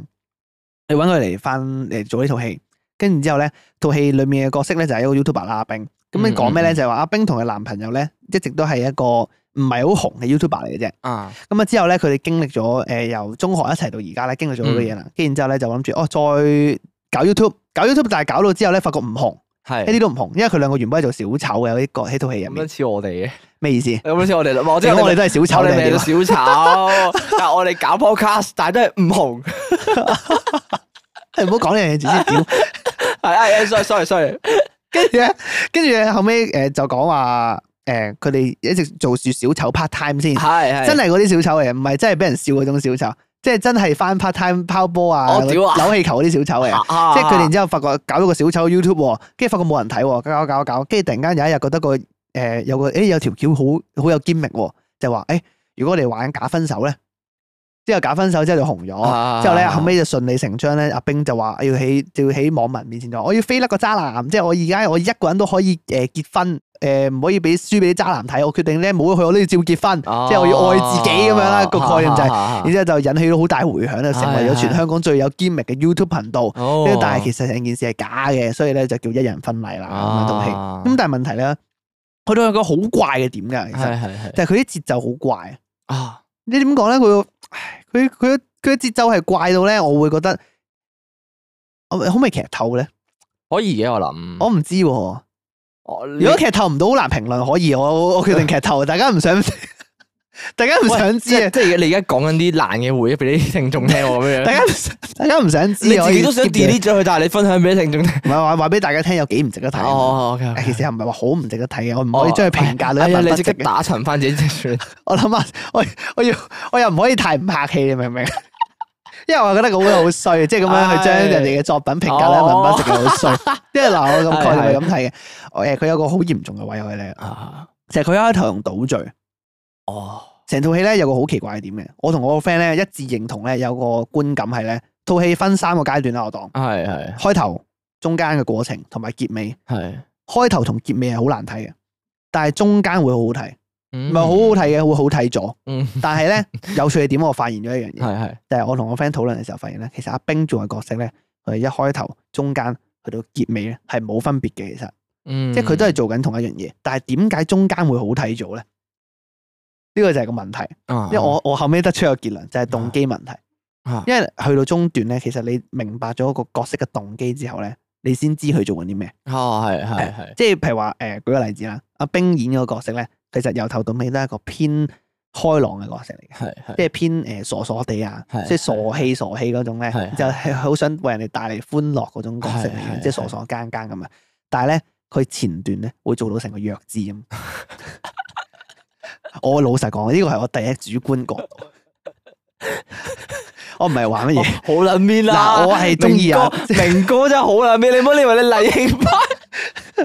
你搵佢嚟翻嚟做呢套戲，跟住之後咧，套戲裏面嘅角色咧就係一個 YouTuber 啦，阿冰。咁你講咩咧？就係話阿冰同佢男朋友咧，一直都係一個。唔係好紅，係 YouTuber 嚟嘅啫。啊，咁啊之後咧，佢哋經歷咗誒由中學一齊到而家咧，經歷咗好多嘢啦。跟住之後咧，就諗住哦，再搞 YouTube，搞 YouTube，但係搞到之後咧，發覺唔紅，係一啲都唔紅，因為佢兩個原本係做小丑嘅，有啲個喺套戲入面。咁樣似我哋嘅咩意思？
似我哋啦，即係我哋都係小丑嚟嘅小丑。但係我哋搞 Podcast，但係都係唔紅。
你唔好講呢樣嘢，直接屌。
係啊，sorry，sorry，sorry。
跟住咧，跟住後尾誒就講話。誒，佢哋一直做住小丑 part time 先，係係，真係嗰啲小丑嚟，唔係真係俾人笑嗰種小丑，即係真係翻 part time 拋波啊，的啊、扭氣球嗰啲小丑嚟，啊、即係佢哋然之後發覺搞咗個小丑 YouTube，跟住發覺冇人睇，搞搞搞搞，跟住突然間有一日覺得個誒有個誒、欸、有條橋好好有揭秘，就話誒、欸、如果我哋玩假分手咧，之後假分手之後就紅咗，啊、之後咧後尾就順理成章咧，阿冰就話要喺就要喺網民面前度，我要飛甩個渣男，即係我而家我一個人都可以誒結婚。誒，唔、呃、可以俾輸俾渣男睇，我決定咧冇去。我都要照結婚，哦、即係我要愛自己咁樣啦。個概念就係、是，然哈之後就引起到好大迴響啦，哎、呀成為咗全香港最有揭秘嘅 YouTube 頻道。哎、呀但係其實成件事係假嘅，所以咧就叫一人婚禮啦，咁但係問題咧，去到有個好怪嘅點噶，其實就係佢啲節奏好怪啊！哎、呀你點講咧？佢佢佢佢節奏係怪到咧，我會覺得可唔可以劇透咧，可以嘅我諗，我唔知。如果劇透唔到好難評論，可以我我決定劇透，大家唔想，
大家唔想知啊！即係你而家講緊啲難嘅回憶俾啲聽眾聽，咩？大家
大家唔想知，你自己都想 delete 咗佢， 但係你分享俾聽眾聽，唔係話話俾大家聽有幾唔值得睇。哦、okay, okay 其實又唔係話好唔值得睇嘅，我唔可以將佢評價你。哎呀，你即刻打沉翻自己算。 我諗下，我我要我又唔可以太唔客氣，你明唔明？因為我覺得佢好衰， 即係咁樣去將人哋嘅作品評價咧，唉文筆真係好衰。 因為嗱，我咁講，你係咁睇嘅。誒，佢有個好嚴重嘅位喺度啊。其實佢開頭用倒敘，哦，成套戲咧有個好奇怪嘅點嘅。我同我個 friend 咧一致認同咧，有個觀感係咧，套戲分三個階段啦。我當係係的開頭、中間嘅過程同埋結尾。係的開頭同結尾係好難睇嘅，但係中間會好好睇。唔係、嗯、好，好好睇嘅，會好睇咗。但係咧 有趣嘅點，我發現咗一樣嘢，係係。就係我同我 friend 討論嘅時候，發現咧，其實阿冰做嘅角色咧，佢一開頭、中間去到結尾咧，係冇分別嘅，其實。嗯、即係佢都係做緊同一樣嘢，但係點解中間會好睇咗咧？呢、這個就係個問題。嗯、因為我我後尾得出個結論，就係、是、動機問題。嗯嗯、因為去到中段咧，其實你明白咗個角色嘅動機之後咧，你先知佢做緊啲咩。係
係係。嗯、即
係譬如話誒，舉個例子啦，阿冰演嗰個角色咧。其實由頭到尾都係一個偏開朗嘅角色嚟嘅，係即係偏誒、呃、傻傻地啊，即係是是 傻氣傻氣嗰種咧，是是就係好想為人哋帶嚟歡樂嗰種角色嚟嘅，是是是即係傻傻更更咁啊！是是是但係咧，佢前段咧會做到成個弱智咁。 我老實講，呢個係我第一主觀角度。 我唔係話乜嘢，好捻面啦！我係中意啊，明哥真係好捻面，你唔好以為你黎應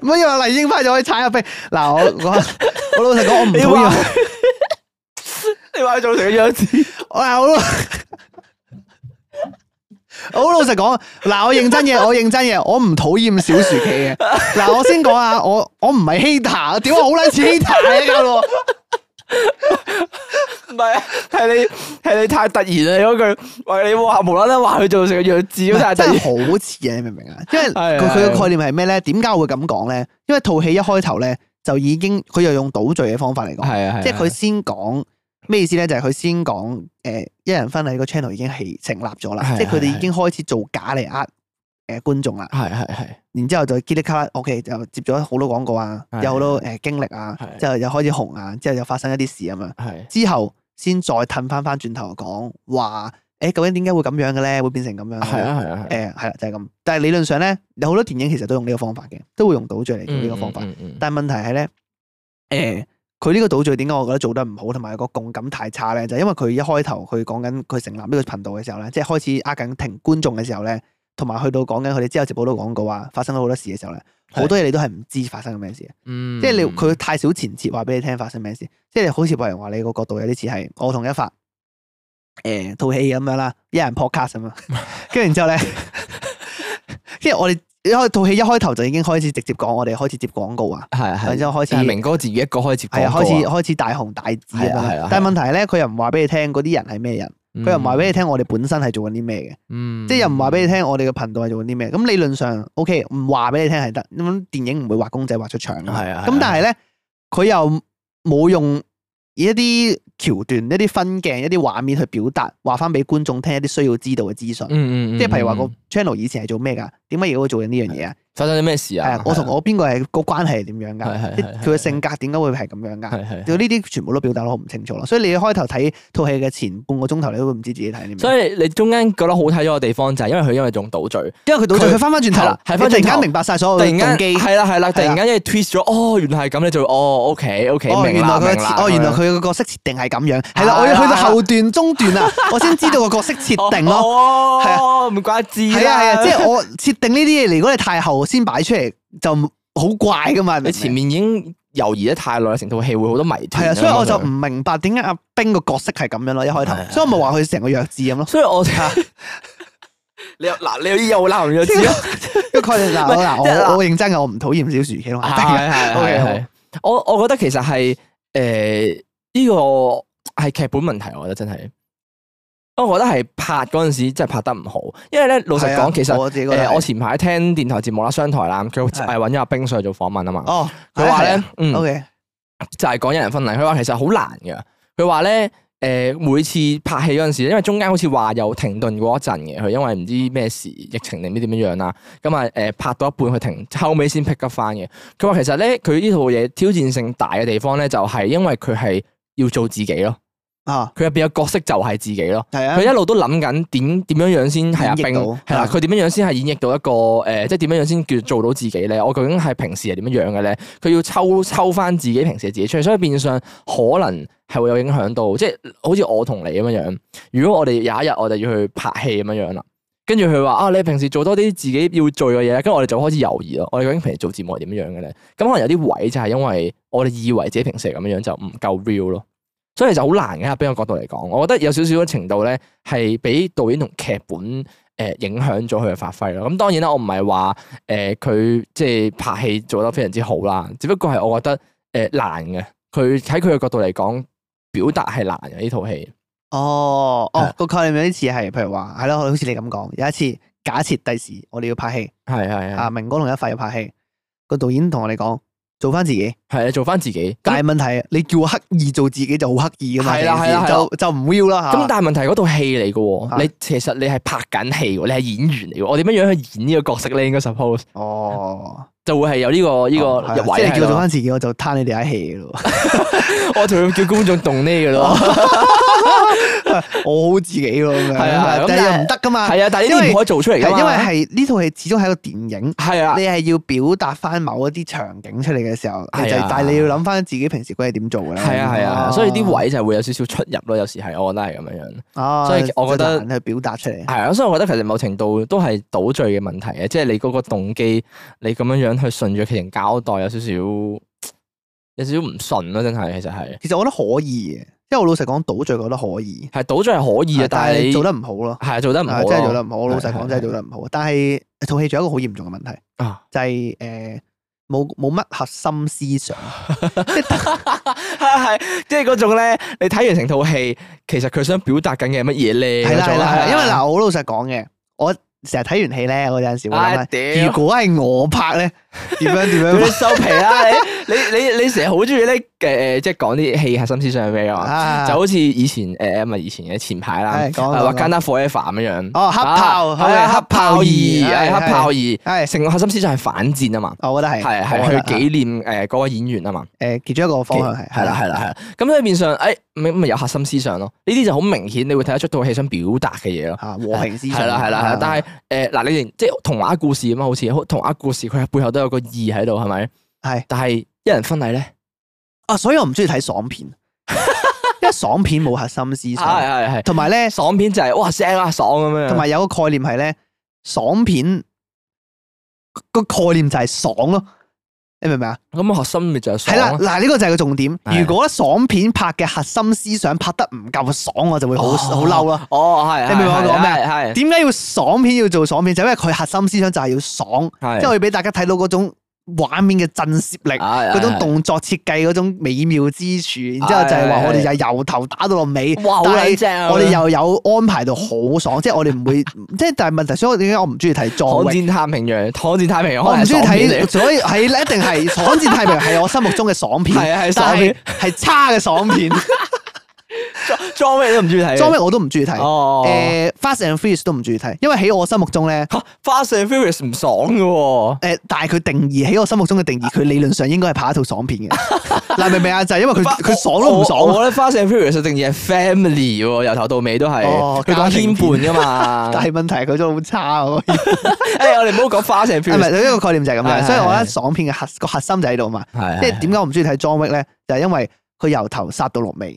咪以為黎英輝就可以踩下飛嗱，我我我老實講，我唔討厭。你話做成個樣子，我係好老實講嗱，我認真嘢，我認真嘢，我唔討厭小薯茄嘅嗱，我先講下，我我唔係 hater，點解好撚似 hater 咧？咁喎。
唔係啊，係 你係你太突然啊！嗰句話你話無啦啦話佢做
成個樣子，是真係真係好似啊！ 你明唔明啊？因為佢佢個概念係咩咧？點解會咁講咧？因為套戲一開頭咧就已經佢又用倒敘嘅方法嚟講，即係佢先講咩意思咧？就係、是、佢先講誒，一人婚禮個 channel 已經係成立咗啦，的的即係佢哋已經開始做假嚟呃。誒，觀眾啦，係係係，然之後就吉力卡啦，O.K. 就接咗好多廣告啊，有好多誒經歷啊，之後又開始紅啊，之後又發生一啲事咁樣，之後先再褪翻翻轉頭講話，誒，究竟點解會咁樣嘅咧？會變成咁樣咧？係啊係啊係，誒係啦，就係咁。但係理論上咧，有好多電影其實都用呢個方法嘅，都會用倒敘嚟用呢個方法。但係問題係咧，誒，佢呢個倒敘點解我覺得做得唔好，同埋個共感太差咧？就因為佢一開頭佢講緊佢成立呢個頻道嘅時候咧，即係開始呃緊停觀眾嘅時候咧。同埋去到講緊佢哋之後接好多廣告啊，發生咗好多事嘅時候咧，好是多嘢你都係唔知發生咗咩事、嗯、
事，嗯、即係你佢
太少前設話俾你聽發生咩事，即係好似博人話你個角度有啲似係我同一發誒套戲咁樣啦，一人 podcast 咁啊，跟住 然之後咧，跟住 我哋一套戲一開頭就已經開始直接講，我哋開始接廣告啊，係，然之後開始明
哥自己一個開始，係啊，開始開
始大紅大紫啊，係啦、啊，啊啊、但係問題咧，佢又唔話俾你聽嗰啲人係咩人。佢又唔話俾你聽，我哋本身係做緊啲咩嘅？嗯、即係又唔話俾你聽，我哋嘅頻道係做緊啲咩？咁理論上，OK，唔話俾你聽係得。咁電影唔會畫公仔畫出腸啊。係啊。咁但係咧，佢又冇用以一啲橋段、一啲分鏡、一啲畫面去表達，話翻俾觀眾聽一啲需要知道嘅資訊。即係、嗯嗯、譬如話個 channel 以前係做咩噶？點解要做緊呢樣嘢啊？發生啲咩事啊？誒，我同我邊個係個關係係點樣㗎？係佢嘅性格點解會係咁樣㗎？就呢啲全部都表達得好唔清楚啦，所以你開頭睇套戲嘅前半個鐘頭，你都唔知自己睇啲咩。
所以你中間覺得好睇咗嘅地方就係因為佢因為仲倒敘，因為佢倒敘，佢翻翻轉頭啦，係突然間明白晒所有嘅動機，係啦係啦，突然間因為 twist 咗，哦，原來係咁，你就哦，OK OK，明啦明啦，哦原來佢
嘅角色設定係咁樣，係啦，我要去到後段中段啊，我先知道個角色設定咯，係啊，唔怪
得知啦。係啊係啊，即係我
設定呢啲嘢如果你太後。先擺出嚟就好怪噶嘛，你前面已經猶豫得太耐，成套戲會好多謎團。係啊，所以我就唔明白點解阿冰個角色係咁樣咯，一開頭，是的 所以我咪話佢成個弱智咁咯。所以我你嗱，你又鬧弱智咯？這個概念就係我嗱，我我認真噶，我唔討厭小薯茄咯。係係係，OK，好。
我我覺得其實係誒呢個係劇本問題，我覺得真係。我覺得係拍嗰陣時，真係拍得唔好，因為咧老實講，其實誒、啊呃，我前排聽電台節目啦，商台啦，佢係揾咗阿冰上去做訪問啊嘛。哦，佢話咧，呢嗯，okay 就係講一人婚禮。佢話其實好難嘅。佢話咧，誒、呃，每次拍戲嗰陣時，因為中間好似話又停頓過一陣嘅，佢因為唔知咩事，疫情定唔知點樣樣啦。咁、嗯、啊，誒、呃，拍到一半佢停，後尾先 pick up 翻嘅。佢話其實咧，佢呢套嘢挑戰性大嘅地方咧，就係因為佢係要做自己咯。啊！佢入邊嘅角色就係自己咯，佢係、啊、一路都諗緊點點樣樣先係啊，並係啦，佢點樣樣先係演繹到一個誒、呃，即係點樣樣先叫做到自己咧？我究竟係平時係點樣樣嘅咧？佢要抽抽翻自己平時自己出去，所以變相可能係會有影響到，即係好似我同你咁樣樣。如果我哋有一日我哋要去拍戲咁樣樣啦，跟住佢話啊，你平時做多啲自己要做嘅嘢，跟住我哋就開始猶豫咯。我哋究竟平時做節目係點樣樣嘅咧？咁可能有啲位就係因為我哋以為自己平時係咁樣樣就唔夠 real 咯。所以就好難嘅，喺邊個角度嚟講？我覺得有少少嘅程度咧，係俾導演同劇本誒影響咗佢嘅發揮咯。咁當然啦，我唔係話誒佢即係拍戲做得非常之好啦，只不過係我覺得誒、呃、難嘅。佢喺佢嘅角度嚟講，表達係難嘅呢套戲。戲
哦係哦，個概念有啲似係，譬如話係咯，好似你咁講。有一次假設第時我哋要拍戲，係係啊明哥同一發要拍戲，個導演同我哋講。做翻自己係啊，做翻自己。但係問題，你叫我刻意做自己就好刻意噶嘛。係啦，係就就
唔 will 啦。咁但係問題戲，嗰套戲嚟噶，你其實你係拍緊戲，你係演員嚟。我點樣樣去演呢個角色咧？應該 suppose 哦，就會係有呢、這個呢、這個入位。即係、哦就是、叫我做翻
自己，的我就攤你哋啲戲咯。 我同佢叫觀眾動呢個咯。 我好自己咯，係啊，但係唔得噶嘛，係啊，但係呢啲唔可以做出嚟噶嘛，因為係呢套戲始終係一個電影，係啊，你係要表達翻某一啲場景出嚟嘅時候，但係你要諗翻自己平時歸係點做嘅啦，係啊，係啊，所以啲
位就會有少少出入咯，有時係，我覺得係咁樣樣，
所以我
覺得去表達出嚟，係啊，所以我覺得其實某程度都係倒敘嘅問題嘅，即係你嗰個動機，你咁樣樣去順住劇情交代，有少少有少少唔順咯，真係其實係，
其實我覺得可以。因為我老實講，倒敘覺得可以，係
倒敘係可以啊，但係做得唔好咯，係做得唔好，真係做得唔好。我老實講真係做得唔好。
但係套戲仲有一個好嚴重嘅問題啊，就係誒冇冇乜核心思想，係即係嗰種咧。你睇完成套戲，其實佢
想表達緊嘅係乜嘢咧？係啦，係啦，係啦，因為嗱，
我老實講嘅，我成日睇完戲咧，我有陣時會諗，如果係我拍咧，
點樣點樣收皮啦？」你你你成日好中意咧，誒誒，即係講啲戲核心思想咩啊？就好似以前誒，唔係以前嘅前排啦，或《Wakanda forever》咁樣哦，黑豹係黑豹二，黑豹二，係成個核心思想係反戰啊嘛。我覺得係係去紀念誒嗰個演員啊嘛。
誒，其中一個方向係啦係啦係
啦。咁所以面上誒，咪有核心思想咯？呢啲就好明顯，你會睇得出套戲想表達嘅嘢咯。和平思想係啦係啦，但係誒嗱，你連即係童話故事咁樣，好似好童話故事，佢背後都有個義喺度，係咪？係，
但係。一人婚禮咧啊，所以我唔中意睇爽片，因為爽片冇核心思想，係係係，同埋咧爽片就係哇聲啊爽咁樣，同埋有個概念係咧，爽片個概念就係爽咯，你明唔明啊？咁核心咪就係爽，係啦，嗱呢個就係個重點。如果爽片拍嘅核心思想拍得唔夠爽，我就會好好嬲咯。哦，係，你明我講咩？係點解要爽片要做爽片？就因為佢核心思想就係要爽，即係我要俾大家睇到嗰種。畫面嘅震懾力，嗰種動作設計嗰種美妙之處，然之後就係話我哋就由頭打到個尾，但係我哋又有安排到好爽，即係我哋唔會，即係但係問題，所以我點解我唔中意睇《悍》，《悍戰太平洋》《悍戰太平洋》，我唔中意睇，所以係一定係《悍戰太平洋》係我心目中嘅爽片，係係爽片，係差嘅爽片。裝裝咩都唔中意睇，裝咩我都唔中意睇。哦，誒 Fast and Furious 都唔中意睇，因為喺我心目中咧 Fast and Furious 唔爽噶。誒，但係佢定義喺我心目中嘅定義，佢理論上應該係拍一套爽片嘅。嗱，明唔明啊？就係因為佢佢爽都唔爽。我覺
得 Fast and Furious 嘅定義係 family，由頭到尾都係佢講天判噶嘛。但係
問題佢都好差。
誒，我哋唔好講 Fast and Furious，唔係呢個概念就係咁樣。所以我覺得
爽片嘅核個核心就喺度嘛。即係點解我唔中意睇裝咩咧？就係因為佢由頭殺到落尾。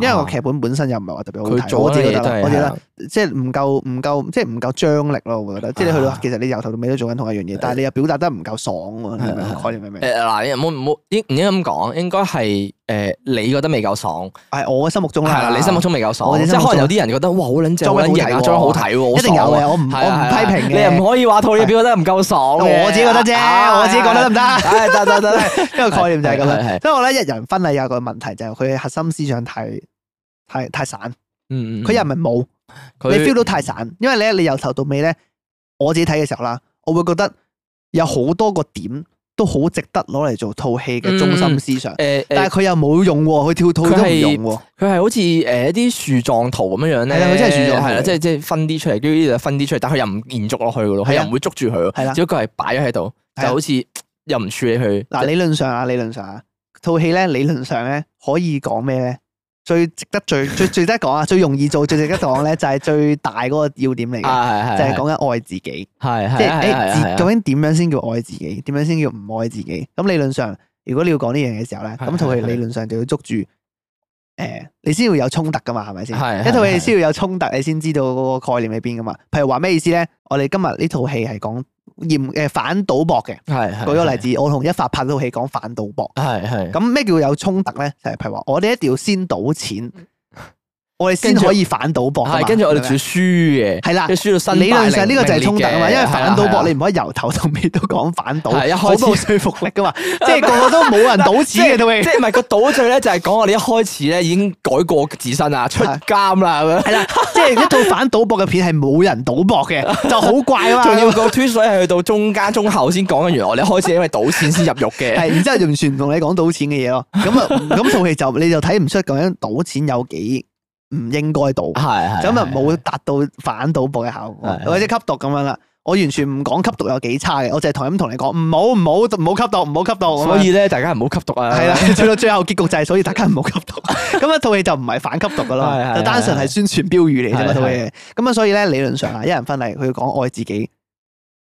因為個劇本本身又唔係話特別好睇，我自己覺得，即係唔夠唔夠，即係唔夠張力咯。我覺得，即係你去到，其實你由頭到尾都做緊同一樣嘢，但係你又表達得唔夠爽。概
念明唔明？嗱，你冇冇應唔應該咁講？應該係，誒，你覺得未夠爽？係我嘅心目中咧，係啦，你心目中未夠爽。即係可能有啲人覺得哇，好卵正，做好睇，一定有嘅。我唔我唔批評，你又唔可以話套嘢表達得唔夠爽。我自己覺得啫，我自己覺得得唔得？得得得，呢個概念就係咁樣。
所以我咧，一人婚禮有個問題就係佢核心思想睇。係，太太散，佢又唔係冇，你 feel 到太散，因為咧，你由頭到尾咧，我自己睇嘅時候啦，我會覺得有好多個點都好值得攞嚟做套戲嘅中心思想，誒，但係佢又冇用，
佢跳套都冇用，佢係好似誒一啲樹狀圖咁樣樣咧，佢真係樹狀。係啦，即係即係分啲出嚟，跟住呢度分啲出嚟，但係佢又唔延續落去嘅咯，佢又唔會捉住佢。係啦，只不過係擺咗喺度，就好似又唔處理佢。嗱，理
論上啊，理論上啊，套戲咧，理論上咧，可以講咩咧？最值得最最值得講啊！最容易做最值得講咧，就係、是、最大嗰個要點嚟嘅， 就係講緊愛自己。係 是即係究竟點樣先叫愛自己？點樣先叫唔愛自己？咁理論上，如果你要講呢樣嘅時候咧，咁套戲理論上就要捉住誒，呃、 你先要有衝突噶嘛，係咪先？一套戲先要有衝突，你先知道嗰個概念喺邊噶嘛。譬如話咩意思咧？我哋今日呢套戲係講。嚴嘅反賭博嘅，
係係係舉個例子，係係
係我同一發拍套戲講反賭博，係係咁，咩叫有衝突咧？就係譬如話，我哋一定要先賭錢。我哋先可以反賭博，跟住我哋仲輸嘅，係啦，輸到新，理論上呢個就係衝突啊嘛，因為反賭博你唔可以由頭到尾都講反賭，好冇説服力噶嘛，即係個個都冇人賭錢嘅，即係唔係個賭罪咧？就係
講我哋一開始咧已經改過自身啦、出監啦咁樣，係啦，即係一套反賭博嘅片係冇人賭博嘅，就好怪啊嘛，仲要個 twist 係去到中間中後先講緊，原來我哋一開始因為賭錢先入獄嘅，係然之後
完全唔同你講賭錢嘅嘢咯，咁啊咁套戲就你就睇唔出究竟賭錢有幾唔應該賭，咁就冇達到反賭博嘅效果，或者吸毒咁樣啦。我完全唔講吸毒有幾差嘅，我淨係咁同你講，唔好唔好唔好吸毒，唔好吸毒。所以咧，大家唔好吸毒啊！係啦，做到最後結局就係，所以大家唔好吸毒。咁一套戲就唔係反吸毒噶啦，就單純係宣傳標語嚟嘅套戲。咁啊，所以咧理論上啊，一人婚禮，佢要講愛自己。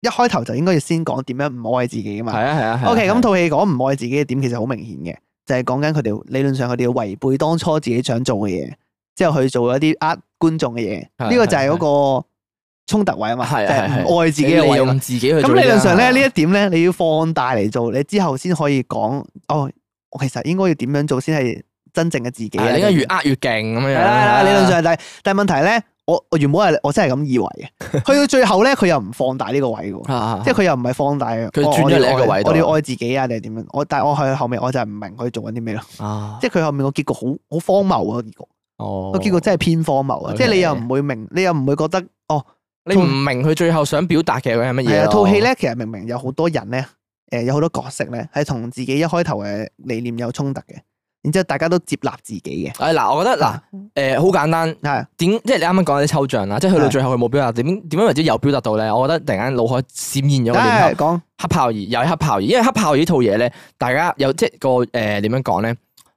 一開頭就應該要先講點樣唔愛自己噶嘛。係啊係啊。O K，咁套戲講唔愛自己嘅點，其實好明顯嘅，就係講緊佢哋理論上佢哋要違背當初自己想做嘅嘢。之後去做一啲呃觀眾嘅嘢，呢個就係嗰個衝突位啊嘛，就係愛自己嘅位，利用自己去。咁理論上咧呢一點咧，你要放大嚟做，你之後先可以講哦，我其實應該要點樣做先係真正嘅自己。你應該越呃越
勁咁樣。理論上
但但問題咧，我我原本係我真係咁以為嘅，去到最後咧，佢又唔放大呢個位嘅，即係佢又唔係放大。佢轉咗另一個位，我哋要愛自己啊，定係點樣？我但係我喺後面，我就係唔明佢做緊啲咩咯。即係佢後面個結局好好荒謬啊！結局。哦，結果真係偏科謀啊！即係你又唔會明，你又唔會覺得哦。
你唔明佢最後想表達嘅係乜嘢？套戲
咧，其實明明有好多人咧，誒，有好多角色咧，係同自己一開頭嘅理念有衝突嘅。然之後大家都接納自己嘅。誒，嗱，我覺得嗱，
誒，好簡單
係點？即係你啱啱講啲抽象啦，即係去到最
後佢冇表達點點樣，為之有表達到咧？我覺得突然間腦海閃現咗個念頭，講黑豹兒，又係黑豹兒，因為黑豹兒呢套嘢咧，大家有即係個誒點樣講咧？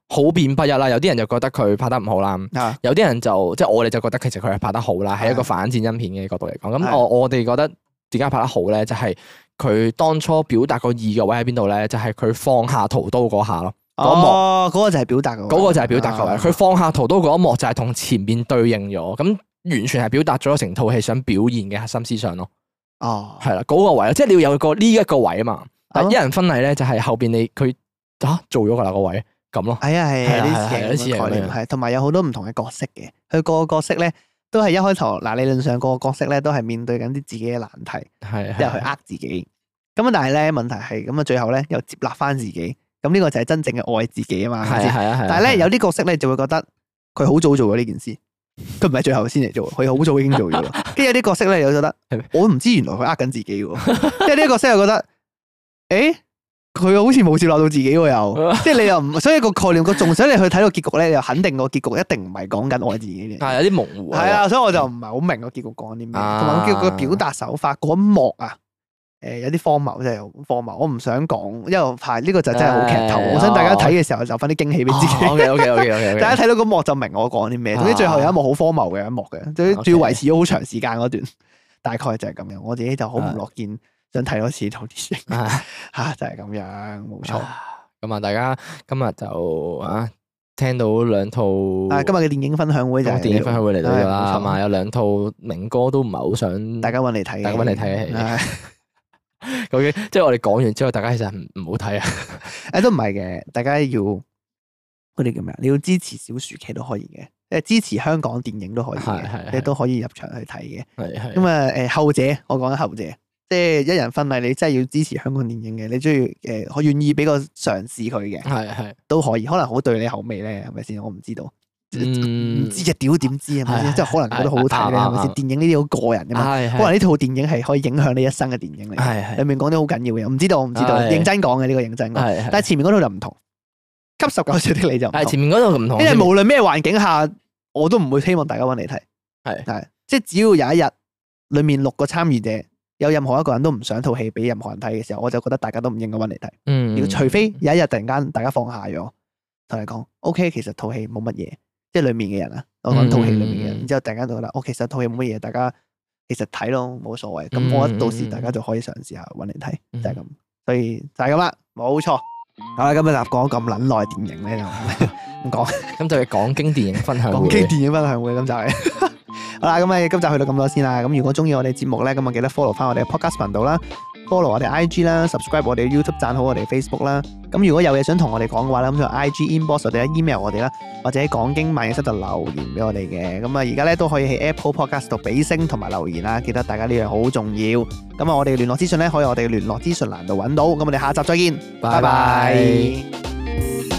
好變不一啦，有啲人就覺得佢拍得唔好啦，uh. 有啲人就即係、就是、我哋就覺得其實佢係拍得好啦，係、啊、一個反戰爭片嘅角度嚟講。咁、啊、我我哋覺得點解拍得好咧，就係、是、佢當初表達個意嘅位喺邊度咧，就係佢放下屠刀嗰下咯。幕，嗰、哦哦那
個就係表達個意，
嗰個就係表達個意。佢、哎、放下屠刀嗰一幕就係同前面對應咗，咁完全係表達咗成套戲想表現嘅核心思想咯。哦，係啦、啊，嗰、那個位即係、就是、你要有個呢一個位啊嘛。
但一人婚禮咧，就係後邊你佢啊，做咗個啦個位。咁咯，係啊、哎，係啊，啲形係，同埋有好多唔同嘅角色嘅，佢個個角色咧都係一開頭嗱、啊，理論上個個角色咧都係面對緊啲自己嘅難題，係的，即係去呃自己，咁啊，但係咧問題係咁啊，最後咧又接納翻自己，咁、這、呢個就係真正嘅愛自己啊嘛，係係啊，但係咧有啲角色咧就會覺得佢好早做咗呢件事，佢唔係最後先嚟做，佢好早已經做咗，跟住 有啲角色咧又覺得 我唔知原來佢呃緊自己，即係呢個角色又覺得誒。欸佢好似冇接納到自己喎，又即係你又唔，所以個概念個仲，想你去睇個結局咧，又肯定個結局一定唔係講緊我自己嘅嘢。係有啲模糊。係啊，所以我就唔係好明個結局講啲咩，同埋佢個表達手法嗰一幕啊，誒有啲荒謬，真係荒謬。我唔想講，因為排呢個就真係好劇透，我想大家睇嘅時候就翻啲驚喜俾自己。OK OK OK。大家睇到個幕就明我講啲咩，總之最後有一幕好荒謬嘅一幕嘅，最要維持咗好長時間嗰段，大概就係咁樣。我自己就好唔樂見。想睇多次套啲嘢啊！吓就係咁樣，冇錯。咁啊，大家今日就啊
聽到兩套。今
日嘅電影分享會就係電影分享會嚟到啦，係嘛有
兩套明哥都唔係好想。大家搵嚟睇，大家搵嚟睇。究竟，即係我哋講完
之後，大家其實唔唔好睇啊！誒，都唔係嘅，大家要嗰啲叫咩？你要支持小薯茄都可以嘅，即支持香港電影都可以你都可以入場去睇嘅。係係咁啊！誒，後者我講緊，後者。即係一人婚禮，你真係要支持香港電影嘅，你中意誒，我願意俾個嘗試佢嘅，係係都可以，可能好對你口味咧，係咪先？我唔知道，唔知就屌點知係咪先？即係可能覺得好好睇咧，係咪先？電影呢啲好個人㗎嘛，可能呢套電影係可以影響你一生嘅電影嚟，係裏面講啲好緊要嘅，唔知道，我唔知道，認真講嘅呢個認真講，係但係前面嗰套就唔同，給十九歲啲你就係前面嗰套唔同，因為無論咩環境下，我都唔會希望大家揾你睇，係係，即係只要有一日裏面六個參與者。有任何一個人都唔想套戲俾任何人睇嘅時候，我就覺得大家都唔應該揾嚟睇。要、嗯、除非有一日突然間大家放下咗，同你講，OK，其實套戲冇乜嘢，即係裡面嘅人啊，我講套戲裡面嘅人，嗯、然之後突然間就覺得，我、哦、其實套戲冇乜嘢，大家其實睇咯，冇所謂。咁我覺得到時大家就可以嘗試下揾嚟睇，就係、是、咁。所以就係咁啦，冇錯。嗯、好啦，今日就講咁撚耐電影咧，就唔講。咁就係講經電影，分講經電影分享會咁就係。 好啦，咁啊，今集去到咁多先啦。咁如果中意我哋節目咧，咁啊記得 follow 翻我哋 podcast 頻道啦，follow 我哋 IG 啦，subscribe 我哋 YouTube，讚好我哋 Facebook 啦。咁如果有嘢想同我哋講嘅話咧，咁就 IG inbox 我哋，email 我哋啦，或者講經埋嘢室就留言俾我哋嘅。咁啊，而家咧都可以喺 Apple Podcast 度比星同埋留言啦。記得大家呢樣好重要。咁啊，我哋聯絡資訊咧可以我哋聯絡資訊欄度揾到。咁我哋下集再見，拜拜。